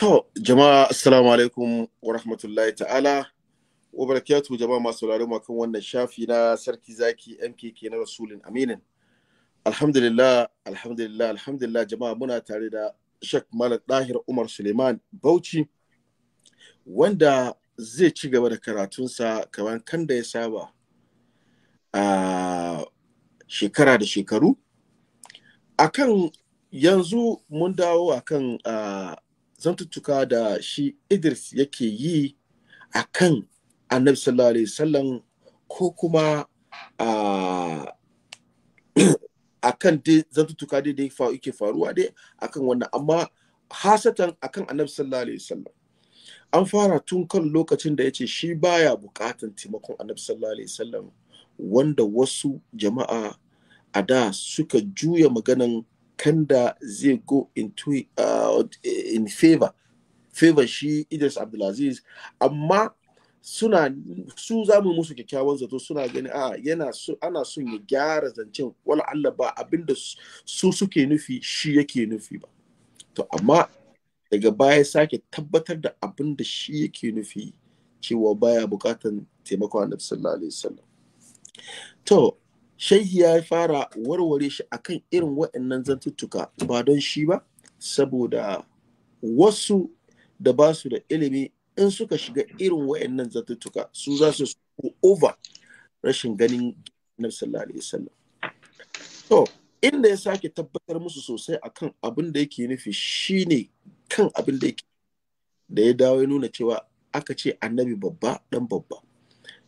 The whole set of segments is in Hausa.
To, jama'a assalamu alaikum wa rahmatullahi ta'ala. Wa barakatu jama'a masu sauraro kan wannan shafi na Sarki Zaki MKK na Rasulun Aminin. Alhamdulillah, alhamdulillah, alhamdulillah jama'a muna tare da Sheikh Malam ɗahir Umar Suleiman Bauchi wanda zai ci gaba da karatunsa kamar kan da ya saba a shekara da shekaru. Akan yanzu mun dawo akan zantuttuka da shi Idris yake yi a kan annabi sallallahu alaihi wasallam ko kuma a kan zantuttuka dai da yake faruwa dai kan wannan amma hasatan kan annabi sallallahu alaihi wasallam an fara tun kan lokacin da ya ce shi baya bukatan taimakon annabi sallallahu alaihi wasallam wanda wasu jama'a a da suka juya maganan Kanda zai go into uh, in favor favor shi Idris Abdulaziz amma suna su zamu musu kyakkyawan zato suna gani a yana su ana son ya gyara zancen wala Allah ba abinda su suke nufi shi yake nufi ba to amma daga baya sake tabbatar da abinda shi yake nufi cewa baya bukatan taimakon annabi sallallahu alaihi wasallam to shehi ya fara warware shi akan irin waɗannan zantuttuka ba don shi ba saboda wasu da ba su da ilimi in suka shiga irin waɗannan zantuttuka su za su over rashin ganin na sallallahu alaihi wasallam to inda ya sake tabbatar musu sosai akan abin da yake nufi shine kan abin da yake da ya dawo ya nuna cewa aka ce annabi babba dan babba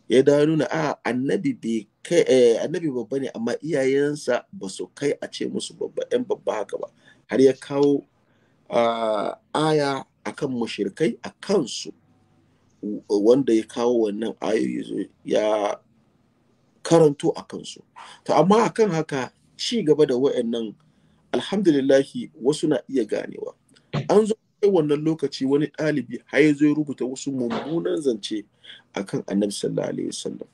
ya dawo nuna a annabi bai kai eh, annabi babba ne amma iyayensa ba su kai a ce musu babba yan babba haka ba har ya kawo ah, aya akan mashirkai a kansu wanda ya kawo wannan ayoyi ya karanto a kansu to amma akan haka ci gaba da wa'annan alhamdulillahi wasu na iya ganewa an zo kai wannan lokaci wani ɗalibi har ya zo rubuta wasu mummunan zance akan annabi sallallahu alaihi wasallam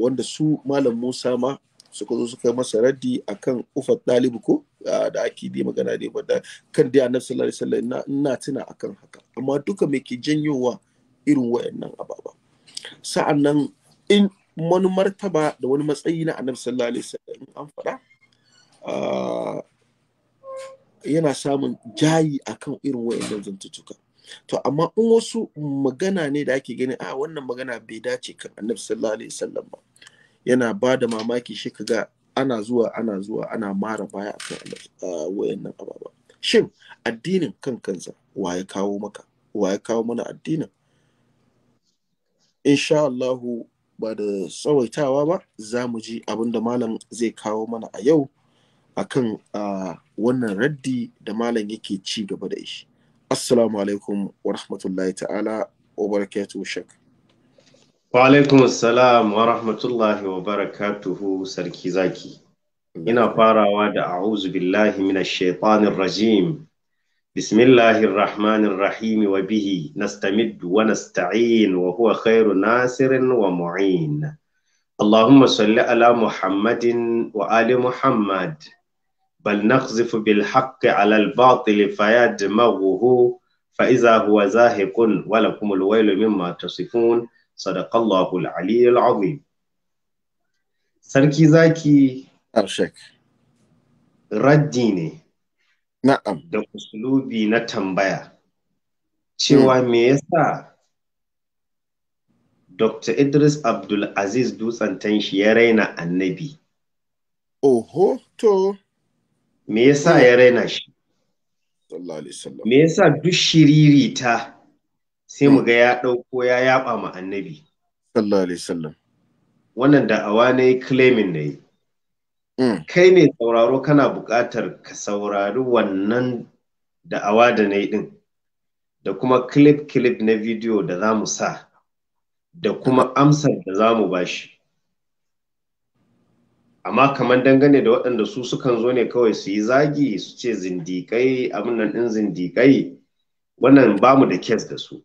wanda su malam musa ma suka zo suka masa raddi akan ufa ɗalibu ko da ake bi magana dai ba kan dai annabi sallallahu alaihi wasallam ina tuna akan haka amma duka me ke janyowa irin wayannan ababa sa'annan in wani martaba da wani matsayi na annabi sallallahu alaihi wasallam an faɗa yana samun jayi akan irin wayannan zantuttuka to amma in wasu magana ne da ake gani a wannan magana bai dace kan annabi sallallahu alaihi wasallam ba yana ba da mamaki shi kaga ana zuwa ana zuwa ana mara baya akan wayannan ababa shin addinin kan kansa wa ya kawo maka wa ya kawo mana addinin insha Allah ba da tsawaitawa ba za mu ji abin da malam zai kawo mana a yau akan wannan raddi da malam yake ci gaba da shi assalamu alaikum wa rahmatullahi ta'ala wa barakatuhu shek wa alaikum assalam wa rahmatullahi wa barakatuhu sarki zaki ina farawa da a'udhu billahi minash shaitanir rajim bismillahir rahmanir rahim wa bihi nastamiddu wa nasta'in wa huwa khairu nasirin wa mu'in salli ala Muhammadin wa Ali Muhammad. بل نقذف بالحق على الباطل فيدمغه فإذا هو زاهق ولكم الويل مما تصفون صدق الله العلي العظيم sarki zaki raddi ne da usulubi na tambaya cewa me yasa Dr. Idris Abdul Aziz Dutsen tanshi ya raina annabi me yasa ya raina shi me yasa duk shiriri ta sai mu ga ya ɗauko ya yaba ma annabi wannan da'awa ne claiming ne mm. kai mai sauraro kana buƙatar ka saurari wannan da'awa da na yi ɗin da kuma clip-clip na video da za mu sa da kuma amsar da za mu bashi amma kamar dangane da waɗanda su sukan zo ne kawai su yi zagi su ce zindikai abin nan ɗin zindikai wannan ba mu da kes da su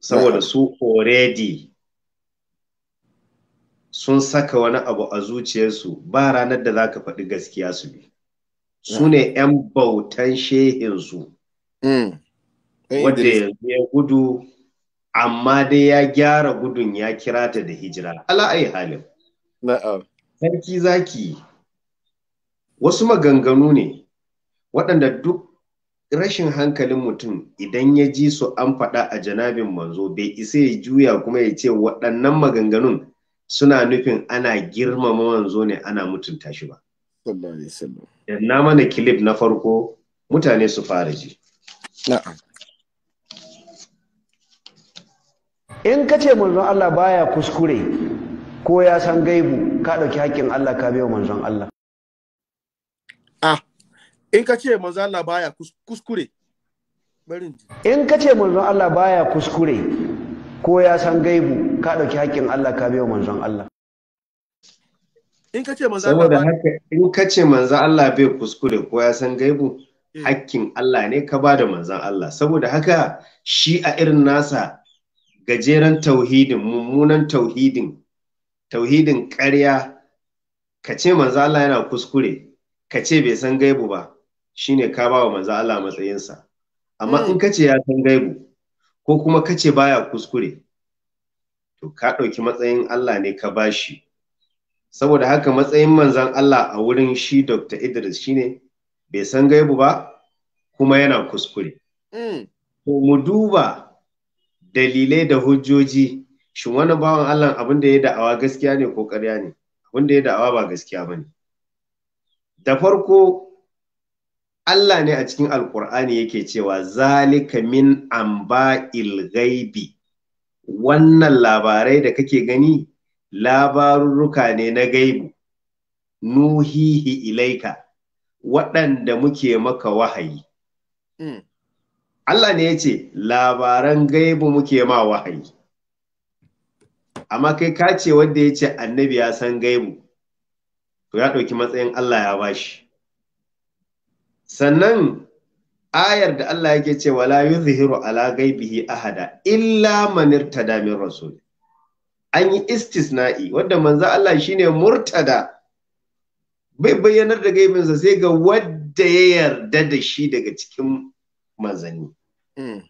saboda su already sun saka wani abu a zuciyarsu ba ranar da za ka faɗi gaskiya su bi su ne mm. 'yan bautan shehinsu mm. wadda yanzu ya gudu amma dai ya gyara gudun ya kira ta da hijira ala'ai halin na'am Sarki zaki wasu maganganu ne waɗanda duk rashin hankalin mutum idan ya ji su an faɗa a janabin manzo bai isa ya juya kuma ya ce waɗannan maganganun suna nufin ana girmama manzo ne ana mutunta shi ba. Na mana kilif na farko mutane su fara ji. In ka ce manzon Allah baya kuskure ko ya san gaibu ka ɗauki haƙƙin Allah ka biya manzon Allah ah in ka ce manzon Allah baya kuskure in ka ce manzon Allah baya kuskure ko ya san gaibu ka ɗauki haƙƙin Allah ka biya manzon Allah in ka ce manzon Allah saboda haka in ka ce manzon Allah bai kuskure ko ya san gaibu eh. haƙƙin Allah ne ka ba da manzon Allah saboda haka shi a irin nasa gajeren tauhidin mummunan tauhidin tauhidin ƙarya ka ce manzo Allah yana kuskure ka ce bai san gaibu ba shine ka ba wa manzo Allah matsayinsa amma in hmm. ka ce ya san gaibu ko kuma ka ce baya kuskure to ka ɗauki matsayin Allah ne ka bashi saboda haka matsayin manzan Allah a wurin shi Dr. Idris shine bai san gaibu ba kuma yana kuskure. Ko hmm. mu duba dalilai da hujjoji shin wannan bawan Allah abin da ya da'awa gaskiya ne ko ƙarya ne abin da ya da'awa ba gaskiya ba ne da farko Allah ne a cikin alkur'ani yake cewa zalika min amba'il Ghaibi, wannan labarai da kake gani labarurruka ne na gaibu nuhihi ilaika waɗanda muke maka wahayi mm. Allah ne ya ce labaran gaibu muke ma wahayi amma kai ka ce wanda ya ce annabi ya san gaibu to ya ɗauki matsayin Allah ya ba shi sannan ayar da Allah yake ce wala yuzhiru ala gaibihi ahada illa man irtada min rasul an yi istisna'i wanda manzo Allah shine murtada bai bayyanar da gaibinsa sai ga wadda ya yarda da shi daga cikin manzanni hmm.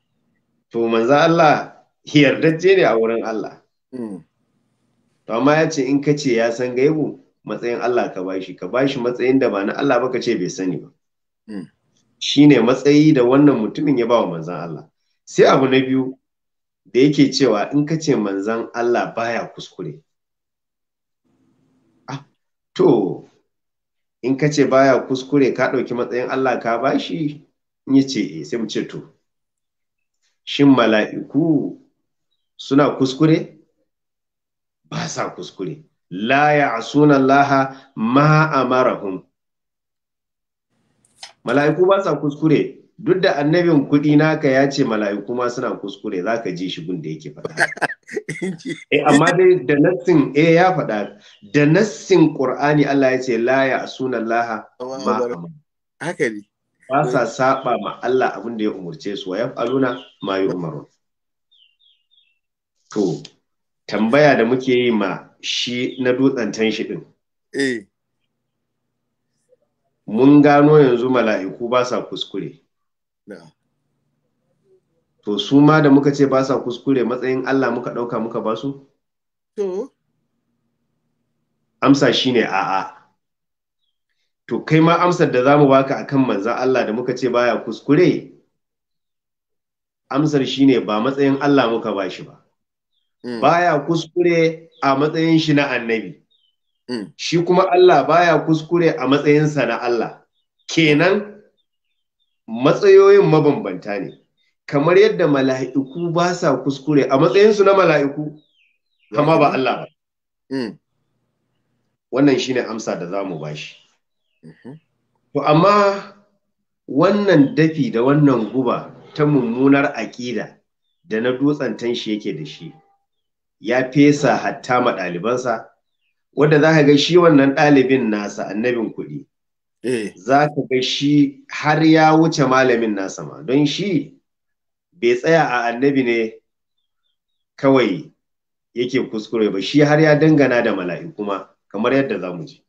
to manzo Allah yardajje ne a wurin Allah hmm. to amma ya ce in ka ce ya san gaibu matsayin Allah ka bashi ka bashi matsayin da ba na Allah ba ka ce bai sani ba hmm. shine matsayi da wannan mutumin ya ba wa manzan Allah sai abu na biyu da yake cewa in ka ce manzan Allah baya kuskure ah, to in ka ce baya kuskure ka ɗauki matsayin Allah ka bashi in ya ce eh, sai mu ce to shin mala'iku suna kuskure ba sa kuskure la ya'suna Allah ma amarahum mala'iku ba sa kuskure duk da annabin kuɗi naka ya ce mala'iku ma suna kuskure za ka ji shigun da yake faɗa. eh, amma dai da nassin eh ya faɗa da nassin ƙur'ani Allah ya ce la ya asuna laha ma haka ne ba sa saba ma Allah abin da ya umurce su wa al'una ma yi umaru. tambaya da muke yi ma shi na dutsen can shi din eh mun gano yanzu mala'iku ba sa kuskure to su ma da muka ce ba sa kuskure matsayin Allah muka ɗauka muka ba su? To. Amsa shi ne a'a. To kai ma amsar da za mu baka a kan manzan Allah da muka ce baya kuskure? Amsar shi ne ba matsayin Allah muka ba shi ba. Mm. baya kuskure a matsayin shi na annabi mm. shi kuma Allah baya kuskure a matsayinsa na Allah kenan matsayoyin mabambanta ne kamar yadda mala'iku ba sa kuskure a matsayinsu na mala'iku amma ba Allah ba mm. wannan shine amsa da za mu bashi mm-hmm. to amma wannan dafi da wannan guba ta mummunar aƙida da na dutsen tanshi yake da shi ya fesa hatta ma ɗalibansa wanda za ka ga shi wannan ɗalibin nasa annabin kuɗi eh. za ka ga shi har ya wuce malamin nasa ma don shi bai tsaya a annabi ne kawai yake kuskure ba shi har ya dangana da mala’i kuma kamar yadda za mu ji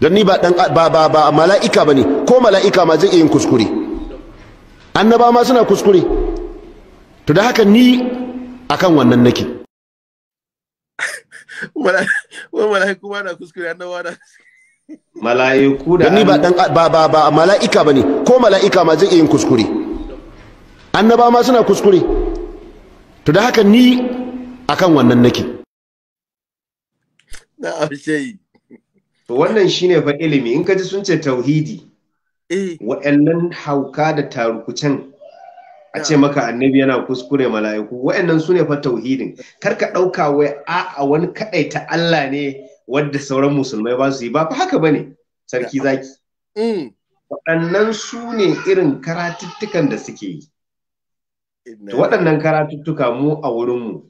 don ni ba ba mala'ika ba ne ko mala'ika ma zai iya yin kuskure annaba ma suna kuskure to da haka ni akan wannan nake mala'iku ba na kuskure annabawa na mala'iku da ni ba dan ba ba ba mala'ika bane ko mala'ika ma zai yin kuskure annaba ma suna kuskure to da haka ni akan wannan nake na ashe to wannan shine fa ilimi in ka ji sun ce tauhidi eh. wa'annan hauka da tarukucen a ce maka annabi yana kuskure mala'iku wa'annan su ne fa tauhidin kar ka ɗauka wai a wani ta Allah ne wadda sauran musulmai ba su yi ba fa haka bane sarki zaki mm. waɗannan su ne irin karatuttukan da suke yi to waɗannan karatuttuka mu a wurinmu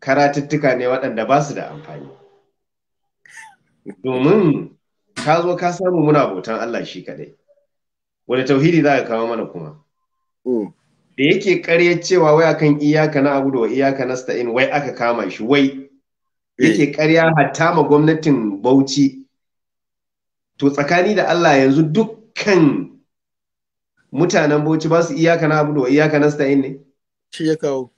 karatuttuka ne waɗanda ba su da amfani domin ka zo ka samu muna bautan Allah shi kaɗai wani tauhidi za ka kawo mana kuma mm. da yake karya cewa wai akan iyaka na abu da wa iyaka na sta'in wai aka kama shi wai yake karya eh. hatta ma gwamnatin bauchi to tsakani da Allah yanzu dukkan mutanen bauchi ba su iyaka na abu da wa iyaka na sta'in ne shi ya kawo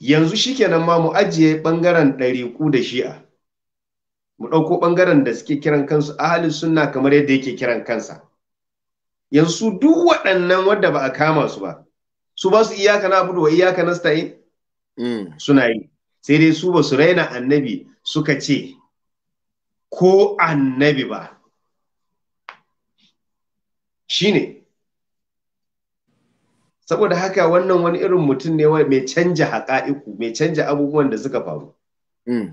yanzu shikenan ma mu ajiye ɗari ɗariƙu da shi'a mu ɗauko ɓangaren da suke kiran kansu ahalin sunna kamar yadda yake kiran kansa yanzu duk waɗannan wadda ba a kama su ba su ba su iyaka na abu wa iyaka na sta'in mm. suna yi sai dai su ba su raina annabi suka ce ko annabi ba Shi ne saboda haka wannan wani irin mutum ne mai canja haƙa'iku mai canja abubuwan da suka faru mm.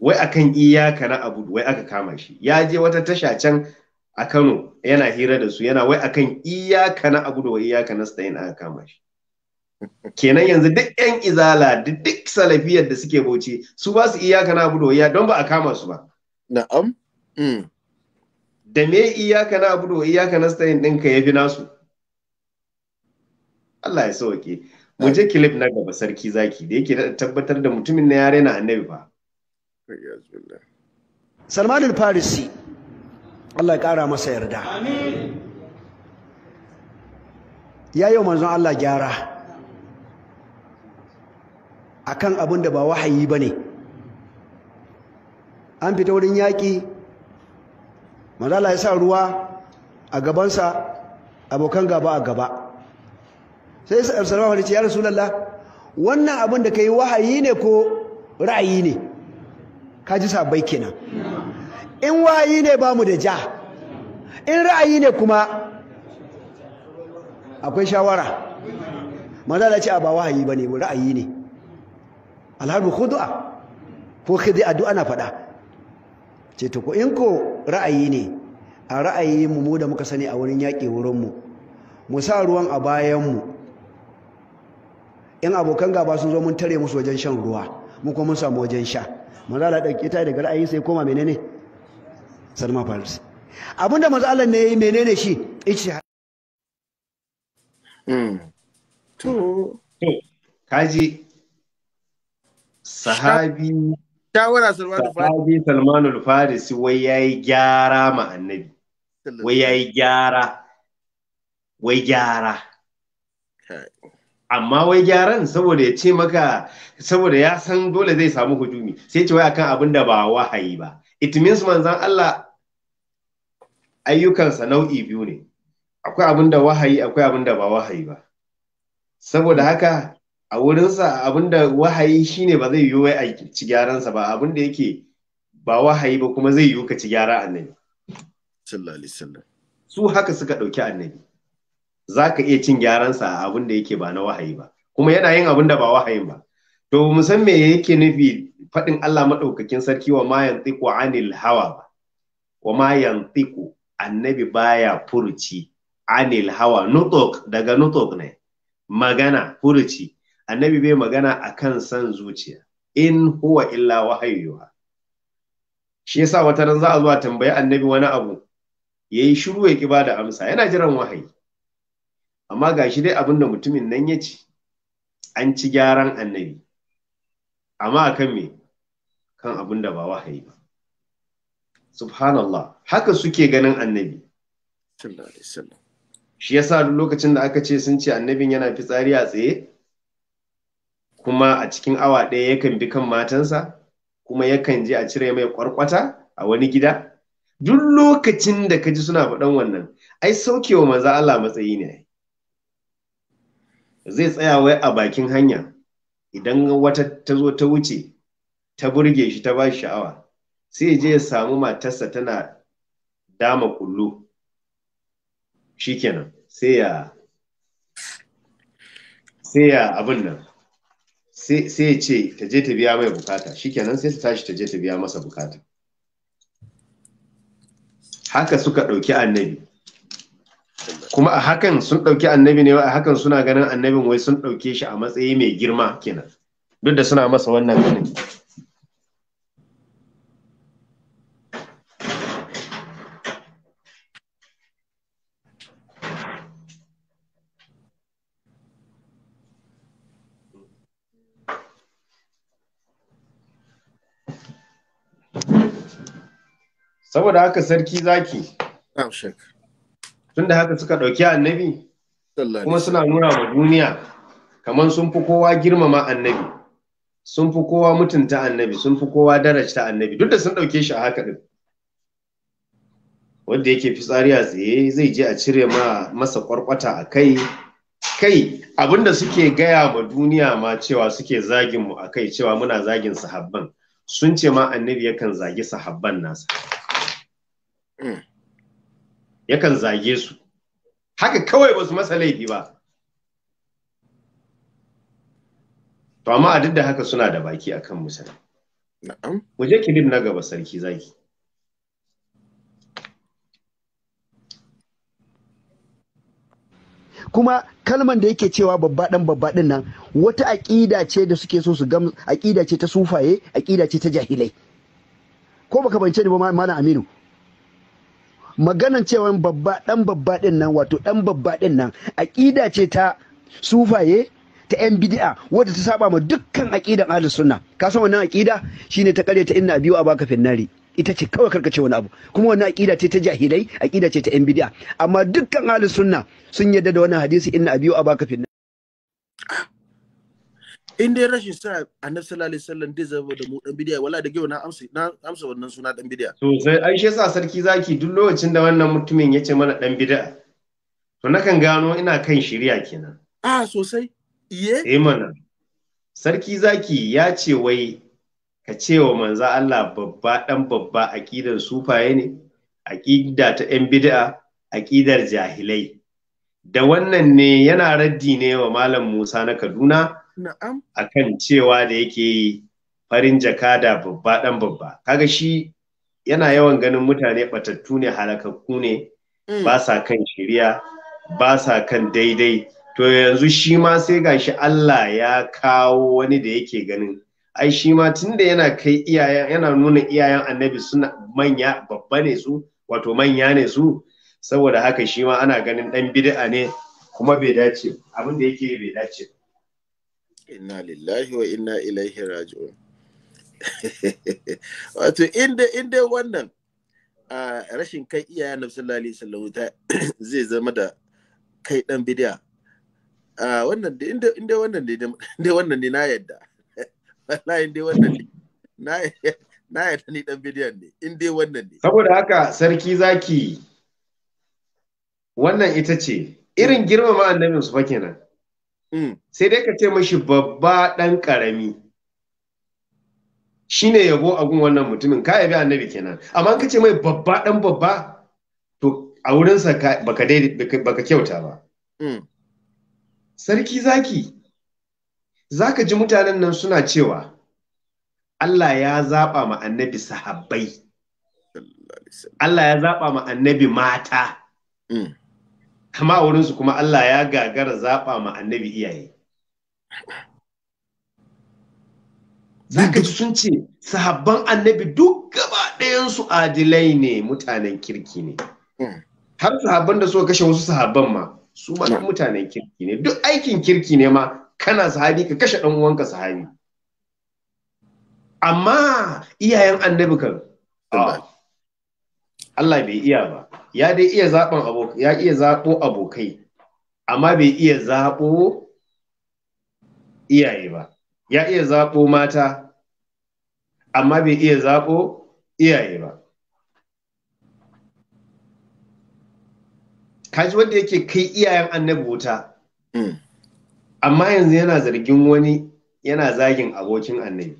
wai akan iyaka na abu wai aka kama shi ya je wata tasha can a Kano yana hira da su yana wai akan iyaka na abu da wa iyaka na stain aka kama shi kenan yanzu duk yan izala da duk salafiyar da suke bauchi su ba su iyaka na abu da wa iyaka don ba a kama su ba na'am mm. da me iyaka na abu da wa iyaka na stain ɗinka ya fi nasu Allah ya sauke mu je clip na gaba sarki zaki da yake tabbatar da mutumin na yare na annabi fa Salman al-Farisi Allah ya ƙara masa yarda ya yi wa manzon Allah gyara a kan abin da ba wahayi ba ne an fita wurin yaƙi manzon Allah ya sa ruwa a gabansa abokan gaba a gaba sai sallallahu alaihi ya lalla wannan abin da ka yi wahayi ne ko ra'ayi ne ka ji sabai kenan in wayi ne ba mu da ja in ra'ayi ne kuma akwai shawara maza da ce a ba wahayi ba ne ra'ayi ne Alhamdu khudu'a ko khidi adu'a na faɗa ce to ko in ko ra'ayi ne a ra'ayi mu da muka sani a wurin yaƙi wurin mu Mu sa ruwan a bayan mu. in abokan gaba sun zo mun tare musu wajen shan ruwa mu kuma mun samu wajen sha Maza da dauke ta daga ra'ayi sai koma menene salma faris abinda manzo Allah ne yayi menene shi ijtihad mm to kaji sahabi shawara Salman al wai wai yi gyara ma annabi wai yi gyara wai gyara amma wai gyaran saboda ya ce maka saboda ya san dole zai samu hujumi sai ce wai akan abin da ba wahayi ba it means manzan Allah ayyukansa nau'i biyu ne akwai abin da wahayi akwai abin da ba wahayi ba saboda haka a wurinsa abin da wahayi shine ba zai yiwu wai a ci gyaransa ba abin da yake ba wahayi ba kuma zai yiwu ka ci gyara annabi su haka suka ɗauki annabi za ka iya cin gyaransa a abin da yake ba na wahayi ba kuma yana yin abin da ba wahayin ba to mu san me yake nufi faɗin Allah maɗaukakin sarki wa ma yantiqu anil hawa ba wa ma yantiqu annabi baya furuci anil hawa nutok daga nutok ne magana furuci annabi bai magana akan san zuciya in huwa illa wahayyuha shi yasa wata ran za a zuwa tambayi annabi wani abu yayi shiru ya ki bada amsa yana jiran wahayi amma gashi dai abinda mutumin nan ya ci an ci gyaran annabi amma akan me kan abinda ba wahayi ba subhanallah haka suke ganin annabi shi yasa duk lokacin da aka ce sun ce annabin yana fitsari a tsaye kuma a cikin awa ɗaya yakan bi kan matansa kuma yakan je a cire mai kwarkwata a wani gida duk lokacin da ka ji suna faɗan wannan ai saukewa maza Allah matsayi ne zai tsaya wai a bakin hanya idan wata ta zo ta wuce ta burge shi ta ba shi sha'awa sai je ya samu matarsa tana dama kullu shikenan sai ya sai ya abin nan sai ya ce ta je ta biya mai bukata shikenan sai ta tashi ta je ta biya masa bukata haka suka ɗauki annabi kuma a hakan sun ɗauki annabi ne a hakan suna ganin annabin wai sun ɗauke shi a matsayi mai girma kenan duk da suna masa wannan ganin saboda haka sarki zaki tun da haka suka ɗauki annabi kuma suna nuna ma duniya kamar sun fi kowa girmama annabi sun fi kowa mutunta annabi sun fi kowa darajta annabi duk da sun ɗauke shi a haka ɗin wanda yake fitsari a tsaye zai je a cire ma masa kwarkwata a kai kai abinda suke gaya ma duniya ma cewa suke zagin mu a kai cewa muna zagin sahabban sun ce ma annabi yakan zagi sahabban nasa Mm. yakan zage su haka kawai ba su masa laifi ba to amma a duk da haka suna da baki akan musa Waje kilin na gaba sarki zaki kuma kalman da yake cewa babba dan babba din nan wata aƙida ce da suke so su gam aƙida ce ta sufaye aƙida ce ta jahilai ko baka bance ni ba malam Aminu maganan cewa babba dan babba din nan wato dan babba din nan aqida ce ta sufaye ta yan bid'a wadda ta saba ma dukkan aƙidan ahlus sunna ka san wannan aƙida shine ta kare ta inna abiyu abaka finnari ita ce kawai karkace wani abu kuma wannan aƙida ce ta jahilai aƙida ce ta yan bid'a amma dukkan ahlus sunna sun yadda da wannan hadisi inna abiyu abaka finnari in dai rashin sa annabi sallallahu alaihi wasallam dai zama mu dan bidiya wala da gewa na amsa wannan suna dan bidiya to sai ai shi yasa sarki zaki duk lokacin da wannan mutumin ya ce mana dan bidiya to nakan gano ina kan shirya kenan a sosai iye eh mana sarki zaki ya ce wai ka ce wa manzo Allah babba dan babba aqidar sufaye ne aqida ta yan bid'a aqidar jahilai da wannan ne yana raddi ne wa malam Musa na Kaduna a kan cewa da yake farin jaka da babba ɗan babba kaga shi yana yawan ganin mutane batattu ne halakakku ne mm. ba sa kan shirya ba sa kan daidai to yanzu shi ma sai gashi Allah ya kawo wani da yake ganin ai shi ma tunda yana kai iyayen yana nuna iyayen annabi suna manya babba ne su wato manya ne su saboda haka shi ma ana ganin dan bid'a ne kuma bai dace abin da yake bai dace ba inna lillahi wa inna ilaihi raji'un wato inda inda wannan a rashin kai iyayen na sallallahu alaihi wasallam zai zama da kai dan bidiya a wannan da inda inda wannan ne inda wannan ne na yadda wallahi inda wannan ne na na yadda ni dan bidiyan ne inda wannan ne saboda haka sarki zaki wannan ita ce irin hmm. girmama annabin su fa kenan Mm. sai dai ka ce mashi babba ɗan ƙarami ne yabo a gun wannan mutumin ka yabi annabi kenan amma ka ce mai babba ɗan babba to a wurinsa baka baka kyauta ba mm. sarki zaki za ka ji mutanen nan suna cewa Allah ya zaɓa ma sahabbai Allah ya zaɓa ma annabi mata mm. wurin wurinsu kuma Allah ya gagara zaɓa ma annabi iyaye zaka ji sun ce sahabban annabi duk gaba ɗayansu adilai ne mutanen kirki ne hmm. har sahabban da suka kashe wasu sahabban ma su ma duk hmm. mutanen kirki ne duk aikin kirki ne ma kana sahabi ka kashe ɗan uwanka sahabi amma iyayen annabi kan Allah bai iya ba ya dai iya zaɓen abokai ya iya zaɓo abokai amma bai iya zaɓo iyaye ba ya iya zaɓo mata amma bai iya zaɓo iyaye ba kaji wanda yake kai iyayen annabi wuta hmm. amma yanzu yana zargin wani yana zagin abokin annabi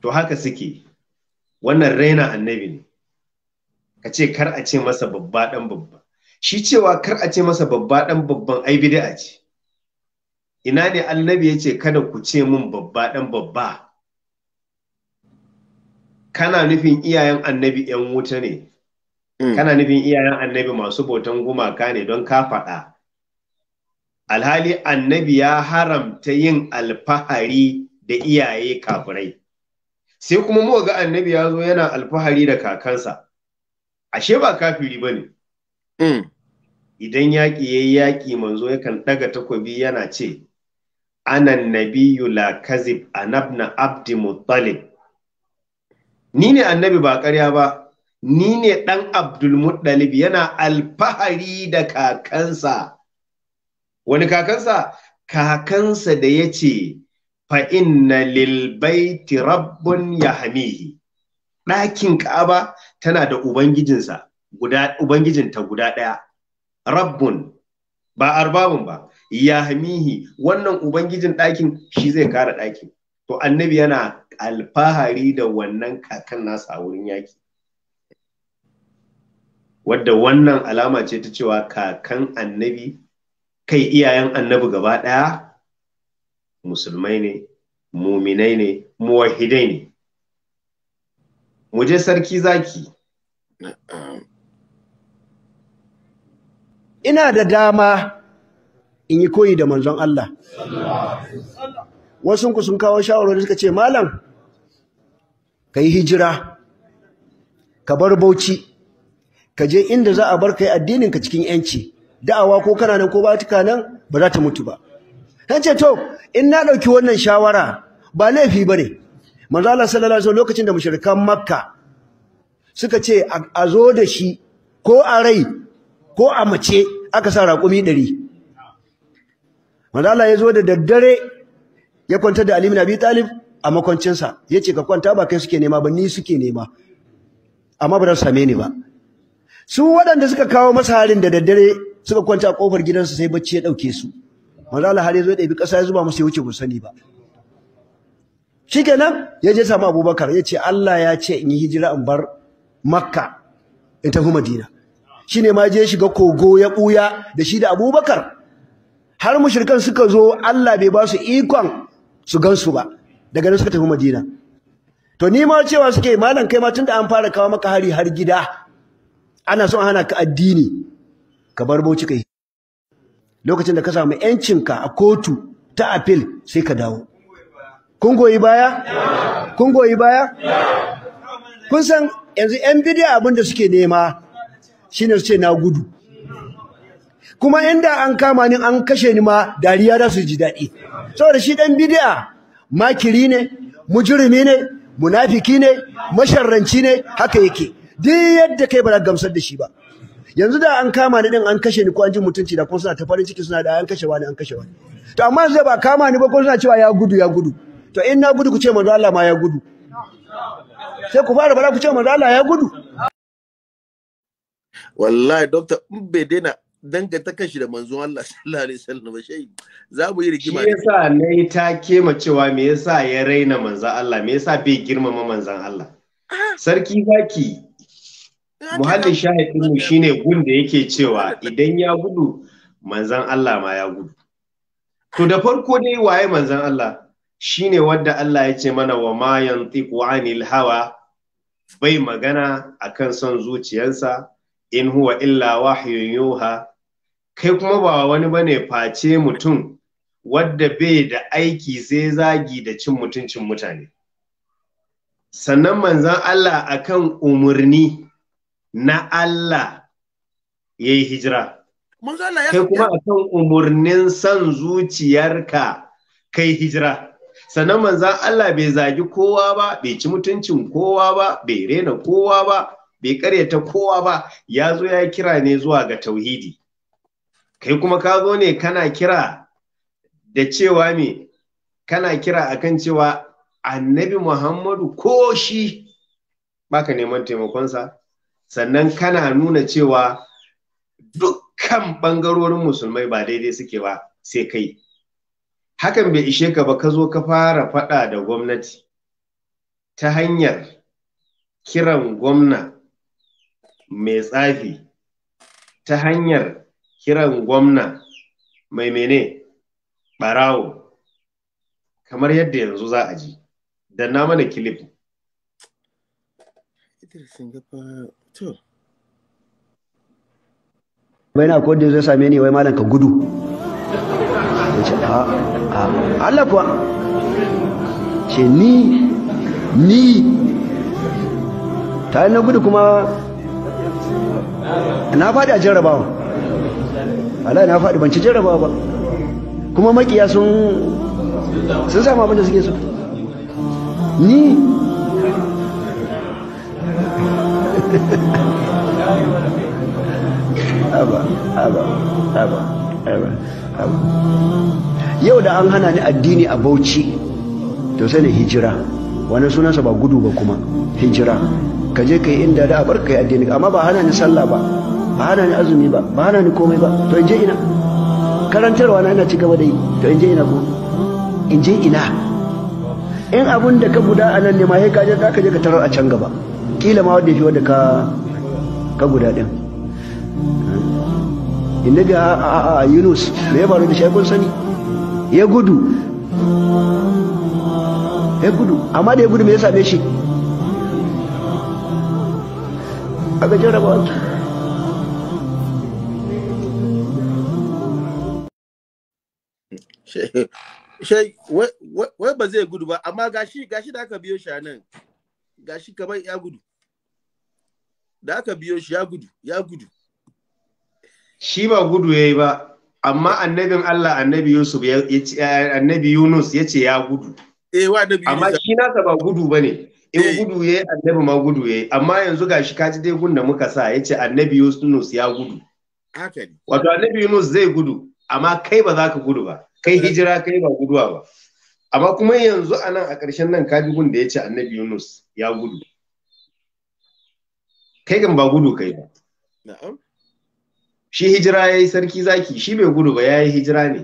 to haka suke wannan raina annabi ne ka ce kar a ce masa babba dan babba shi cewa kar a ce masa babba dan babban ai bid'a ce ina ne annabi ya ce kada ku ce min babba dan babba kana nufin iyayen annabi yan wuta ne hmm. kana nufin iyayen annabi masu bautan gumaka ne don ka faɗa alhali annabi ya haramta yin alfahari da iyaye kafirai sai kuma mu ga annabi ya zo yana alfahari da kakansa ashe ba kafiri ba ne mm. idan yaƙi ya yaƙi manzo yakan ɗaga takobi yana ce anan nabiyu la kazib anabna abdi muttalib ni ne annabi ba ƙarya ba ni ne ɗan muttalib yana alfahari da kakansa wani kakansa kakansa da ya ce lil lilbaiti rabbun ya hamihi ɗakin ka'aba tana da ubangijinsa guda ubangijinta guda ɗaya rabbun ba arbabun ba yahmihi wannan ubangijin ɗakin shi zai kara ɗakin to annabi yana alfahari da wannan kakan nasa a wurin yaki wadda wannan alama ce ta cewa kakan annabi kai iyayen annabi gaba ɗaya musulmai ne muminai ne muwahidai ne muje sarki zaki ina da dama in yi koyi da manzon Allah wasu ku sun kawo shawarwari suka ce malam ka yi hijira ka bar bauchi ka je inda za a bar ka yi addinin ka cikin yanci da'awa ko kana nan ko ba ta nan ba za ta mutu ba kan ce to in na ɗauki wannan shawara ba laifi ba ne manzo Allah sallallahu alaihi wasallam lokacin da mushrikan makka suka ce a zo da shi ko a rai ko a mace aka sa raƙumi ɗari Mazala ya zo da daddare ya kwanta da alimin Abi Talib a makwancinsa ya ce ka kwanta ba kai suke nema ba ni suke nema amma ba same ni ba su waɗanda suka kawo masa harin da daddare suka kwanta a ƙofar gidansa sai bacci ya ɗauke su Mazala har ya zo ya ɗabi ƙasa ya zuba masa ya wuce ba sani ba shikenan ya je samu abubakar ya ce Allah ya ce in yi hijira in bar makka in tafi madina ne ma je shiga kogo ya ɓuya da shi da abubakar har mushrikan suka zo Allah bai ba su ikon su gansu ba daga nan suka tafi madina to ni ma cewa suke malam kai ma tunda an fara kawo maka hari har gida ana son hana ka addini ka bar bauchi kai lokacin da ka samu yancinka a kotu ta appeal sai ka dawo kun goyi baya kun goyi baya kun san yanzu yan bidiya abin da suke nema shi ne su ce na gudu kuma inda an kama ni an kashe ni ma dariya za su ji daɗi saboda shi ɗan bidiya makiri ne mujurumi ne munafiki ne masharranci ne haka yake duk yadda kai ba za gamsar da shi ba yanzu da an kama ni ɗin an kashe ni ko an ji mutunci da kuma suna ta farin ciki suna da an kashe wani an kashe wani to amma zai ba kama ni ba ko suna cewa ya gudu ya gudu to in na gudu ku ce manzo Allah ma ya gudu sai ku fara bara ku ce manzo Allah ya gudu wallahi doctor in bai daina danganta kanshi da manzon Allah sallallahu alaihi wasallam ba shi za mu yi rigima shi yasa nayi ta ma cewa me yasa ya raina manzon Allah me yasa bai girmama manzon Allah sarki zaki muhalli shahidin mu shine gun da yake cewa idan ya gudu manzon Allah ma ya gudu to da farko dai waye manzon Allah shine wanda Allah ya ce mana wa ma yantiqu anil hawa bai magana a kan son zuciyarsa in huwa illa wahyun yuha kai kuma ba wani bane face mutum wadda bai da aiki sai zagi da cin mutuncin mutane sannan manzan Allah a kan umarni na Allah ya yi hijira kai kuma a kan umarnin son zuciyarka kai hijira sannan manzan Allah bai zagi kowa ba bai ci mutuncin kowa ba bai rena kowa ba bai karyata kowa ba ya zo ya kira ne zuwa ga tauhidi kai kuma ka zo ne kana kira da cewa me kana kira akan cewa annabi muhammadu ko shi baka neman taimakonsa sannan kana nuna cewa dukkan ɓangarorin musulmai ba daidai suke ba sai kai hakan bai ishe ka ba ka zo ka fara faɗa da gwamnati ta hanyar kiran gwamna mai tsafi ta hanyar kiran gwamna mai mene ɓarawo kamar yadda yanzu za a ji da na mana kilif bai na kodin zai same ni wai malam ka gudu ce a ah, a ah, Allah kuwa ce ni ni ta na gudu kuma na faɗi a jarrabawa Allah na faɗi ban ci jarrabawa ba kuma makiya sun sun samu abin da suke so ni aba aba aba aba yau da an hana ni addini a bauchi to sai ne hijira wani sunansa ba gudu ba kuma hijira ka je ka yi inda da a bar ka yi addini amma ba hana ni sallah ba ba hana ni azumi ba ba hana ni komai ba to in je ina karantarwa na ina ci gaba da yi to in je ina ko in je ina in abun da ka guda a nan ne ma sai ka je ka je ka tarar a can gaba kila ma wanda ya fi wanda ka ka guda din innabi a yunus da ya faru da shi kun sani ya gudu ya gudu amma da ya gudu me ya same shi a ga jarabawa shai wai ba zai gudu ba amma gashi gashi da aka biyo shi a nan gashi kamar ya gudu da aka biyo shi ya gudu ya gudu shi ba gudu ya yi ba amma annabin Allah annabi Yusuf annabi Yunus ya ce ya gudu eh, amma shi nasa ba gudu ba ne in eh. gudu ya yi annabi ma gudu ya yi amma yanzu ga shi kaji dai gunda muka sa ya ce annabi Yunus ya gudu wato annabi Yunus zai gudu amma kai ba za ka gudu ba kai hijira kai ba guduwa ba amma kuma yanzu a nan a ƙarshen nan kaji gun da ya ce annabi Yunus ya gudu kai gan ba gudu kai ba shi hijira ya yi sarki zaki shi bai gudu ba ya yi hijira ne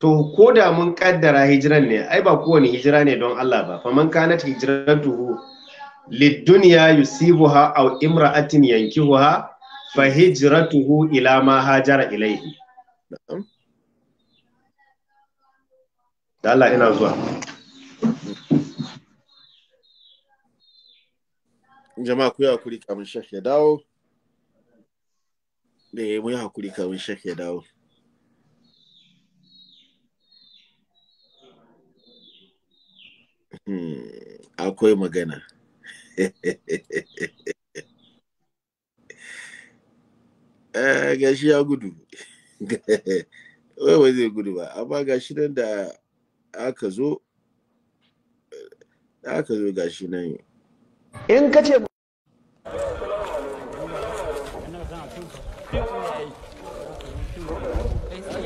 to ko da mun kaddara hijiran ne ai ba kowane hijira ne don Allah ba faman kanat tuhu lidunya yusibuha aw imra'atin yankihuha fa hijratuhu ila ma hajara ilaihi da Allah ina zuwa jama'a ku ya kuri kamar shek dawo da ya yi hakuri kamin shek ya dawo hmm, akwai magana eh, gashi ya gudu wai ba zai gudu ba amma gashi nan da aka zo aka zo gashi nan in kace ce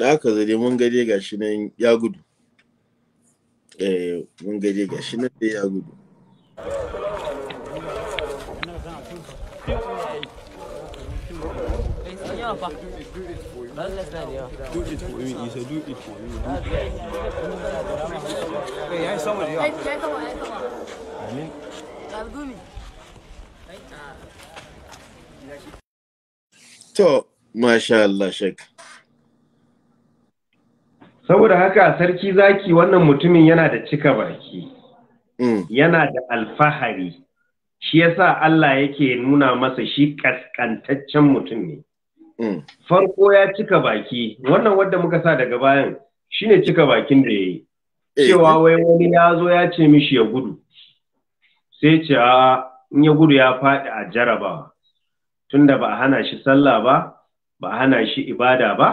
da haka zare mun gari ga shi nan ya gudu eh mun gari ga shi nan ya gudu To, masha Allah shek. saboda haka sarki zaki wannan mutumin yana da cika baki mm. yana da alfahari shi yasa Allah yake nuna masa shi kaskantaccen mutum ne mm. farko ya cika baki wannan wanda muka sa daga bayan shine cika bakin da yayi eh. cewa wai wani ya zo ya ce mishi ya gudu sai ce a in ya gudu ya faɗi a jarabawa tunda ba a hana shi sallah ba ba a hana shi ibada ba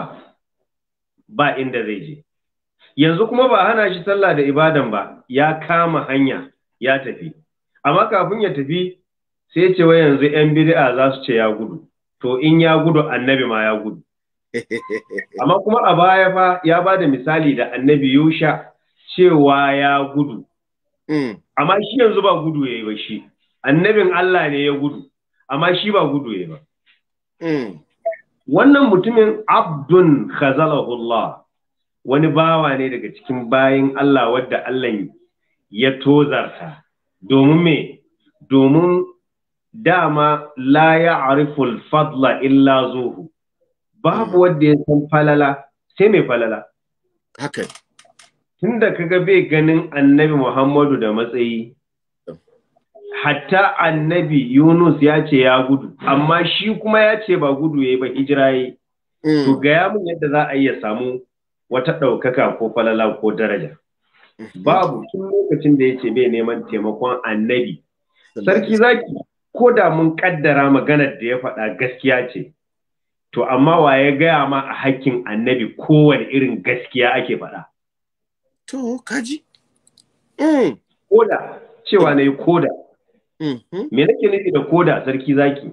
ba inda zai je yanzu kuma ba hana shi sallah da ibadan ba ya kama hanya ya tafi amma kafin ya tafi sai ce wa yanzu yan bid'a za su ce ya gudu to in ya gudu annabi ma ya gudu amma kuma a baya fa ya ba da misali da annabi yusha cewa ya gudu mm. amma shi yanzu ba gudu ya yi ba shi annabin Allah ne ya gudu amma shi ba gudu ya yi ba mm. wannan mutumin abdun khazalahullah wani bawa ne daga cikin bayin Allah wadda Allah ya tozarta domin me domin dama la ya'riful fadla illa zuhu babu hmm. wanda ya san falala sai mai falala haka tunda kaga bai ganin annabi Muhammadu da matsayi hatta annabi Yunus ya ce ya gudu amma shi kuma ya ce ba gudu yayi ba hijira yayi hmm. to ga mun yadda za a iya samu wata ɗaukaka ko falala ko daraja babu tun lokacin da yake bai neman taimakon annabi sarki zaki ko da mun kaddara maganar da ya faɗa gaskiya ce to amma wa ya gaya ma a hakkin annabi kowane irin gaskiya ake faɗa to kaji mm. koda cewa na yi koda mm-hmm. me nake nufi da koda sarki zaki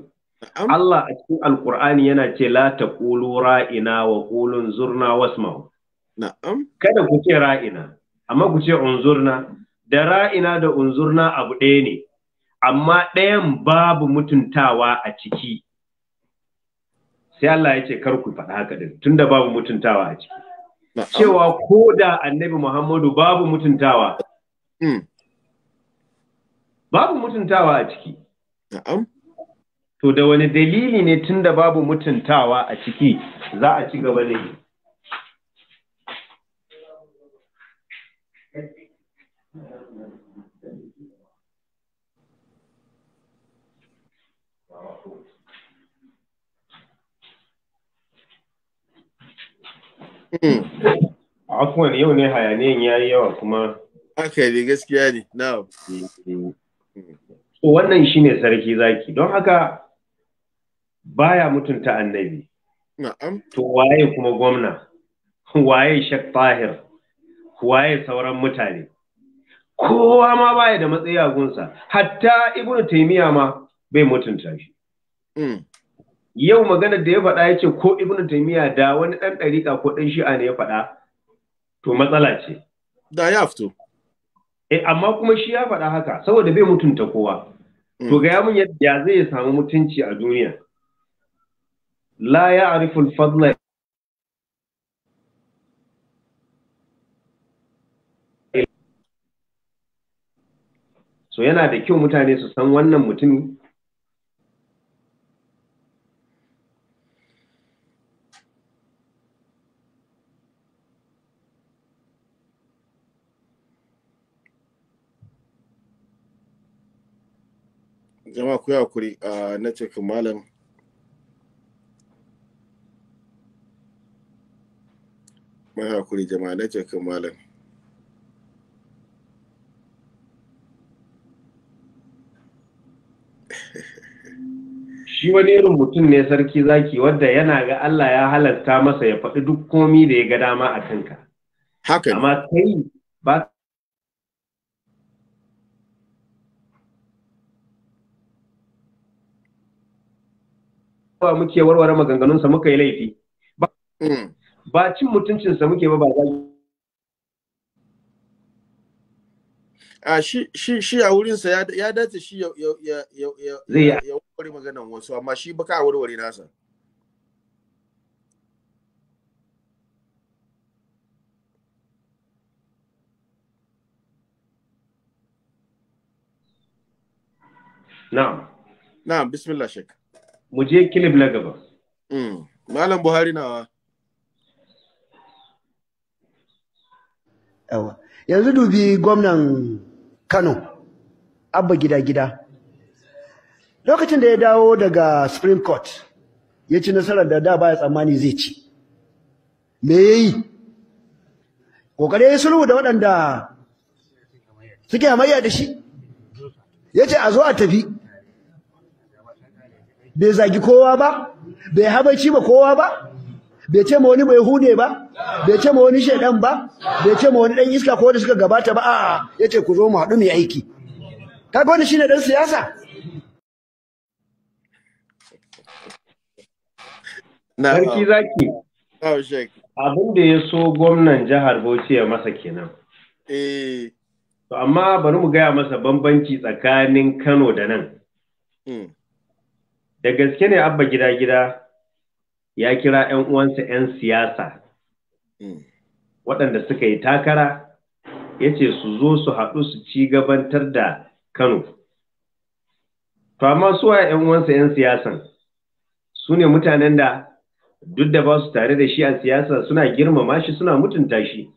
Allah a cikin Alƙur'ani yana ce la taqulu ra'ina wa ƙulun zurna wasma'u Na'am. Kada ku ce ra'ina, amma ku ce unzurna, da ra'ina da unzurna abu ɗaya ne, amma ɗayan babu mutuntawa a ciki. Sai Allah ya ce kar ku faɗa haka din, tunda babu mutuntawa a ciki. Cewa ko da annabi Muhammadu babu mutuntawa. Hmm. Babu mutuntawa a ciki. Na'am. To da wani dalili ne tunda babu mutuntawa a ciki za a ci gaba da yi. Hmm. Afuwan yau ne hayaniyan ya yi yawa kuma. Haka ne gaskiya ne, na. Wannan shi ne sarki zaki, don haka baya mutunta annabi. Na'am. To waye kuma gwamna, waye Sheikh Tahir, waye sauran mutane. Kowa ma baya da matsayi a gunsa, hatta Ibn Taymiyyah ma bai mutunta shi. Hmm. yau maganar da ya faɗa ya ce ko ibnu taymiya da wani ɗan ɗariƙa ko ɗan shi'a ne ya faɗa to matsala ce da ya fito eh amma kuma shi ya faɗa haka saboda bai mutunta kowa mm. to ga mun ya zai samu mutunci a duniya la ya al-fadla so yana da kyau mutane su san wannan mutumi jama'a ku yi hakuri a na cikin malam mai hakuri jama'a na cikin malam shi wani irin mutum ne sarki zaki wadda yana ga Allah ya halatta masa ya faɗi duk komi da ya ga dama a kanka. Haka. Amma kai ba yawa muke warware maganganun sa muka yi laifi ba hmm. cin mutuncin sa muke ba ba zagi a shi shi shi a wurin sa ya dace shi ya ya ya ya ya ya warware maganganun wasu amma shi ba ka warware nasa na'am na'am bismillah Sheikh. mu je kilib na gaba hmm. malam buhari nawa yawa yanzu dubi gwamnan kano abba gida-gida lokacin da ya dawo daga supreme court ya ci nasarar da da baya tsammani zai ci me ya yi ya sulhu da waɗanda suke hamayya da shi ya ce a zo a tafi bai zagi kowa ba bai habaici ba kowa ba bai ce ma wani bai hude ba bai ce ma wani shedan ba bai ce ma wani dan iska ko da suka gabata ba a'a yace ku zo mu haɗu mu aiki kaga wani shine dan siyasa Na Sarki zaki. Abin da ya so gwamnan jihar Bauchi ya masa kenan. Eh. To amma bari mu gaya masa bambanci tsakanin Kano da nan. Hmm. da gaske ne abba gida gida ya kira 'yan uwansa 'yan siyasa hmm. waɗanda suka yi takara ya ce su zo su haɗu su ci gabantar da kano to amma su 'yan uwansa 'yan siyasan su ne mutanen da duk da ba su tare da shi a siyasa suna girmama shi suna mutunta shi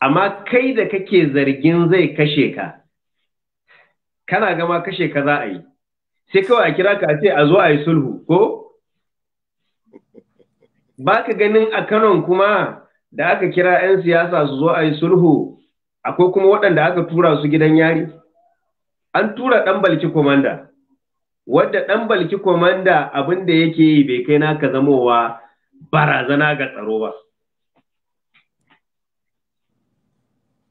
amma kai da kake zargin zai kashe ka kana gama kashe ka za a yi sai kawai a kira ka ce a zo a yi sulhu ko ba ka ganin a kanon kuma da aka kira 'yan siyasa su zo a yi sulhu akwai kuma waɗanda aka tura su gidan yari an tura ɗan balki komanda wadda ɗan balki komanda abin da yake yi bai kai naka zamowa barazana ga tsaro ba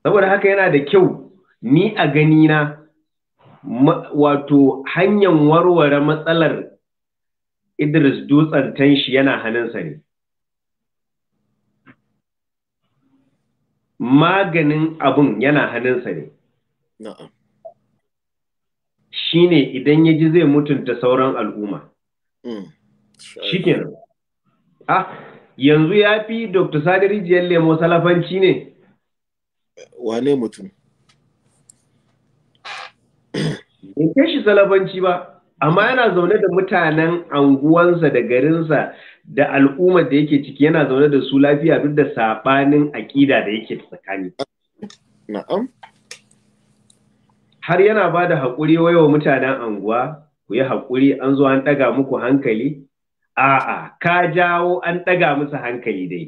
saboda haka yana da kyau ni a ganina wato hanyar warware matsalar Idris dutsen tanshi yana hannunsa ne. Maganin abun yana hannunsa ne. Shi ne idan ya ji zai mutunta sauran al'umma. Mm. Shi Ah, yanzu ya fi Dr. Sadi Jiyar Lemo Salafanci ne? Wane mutum? in kai shi salabanci ba amma yana zaune da mutanen anguwansa da garinsa da al'ummar da yake ciki yana zaune da su lafiya duk da sabanin aƙida da yake tsakani na'am har yana ba da haƙuri wa mutanen anguwa ku yi haƙuri an zo an ɗaga muku hankali a'a ka jawo an ɗaga musu hankali dai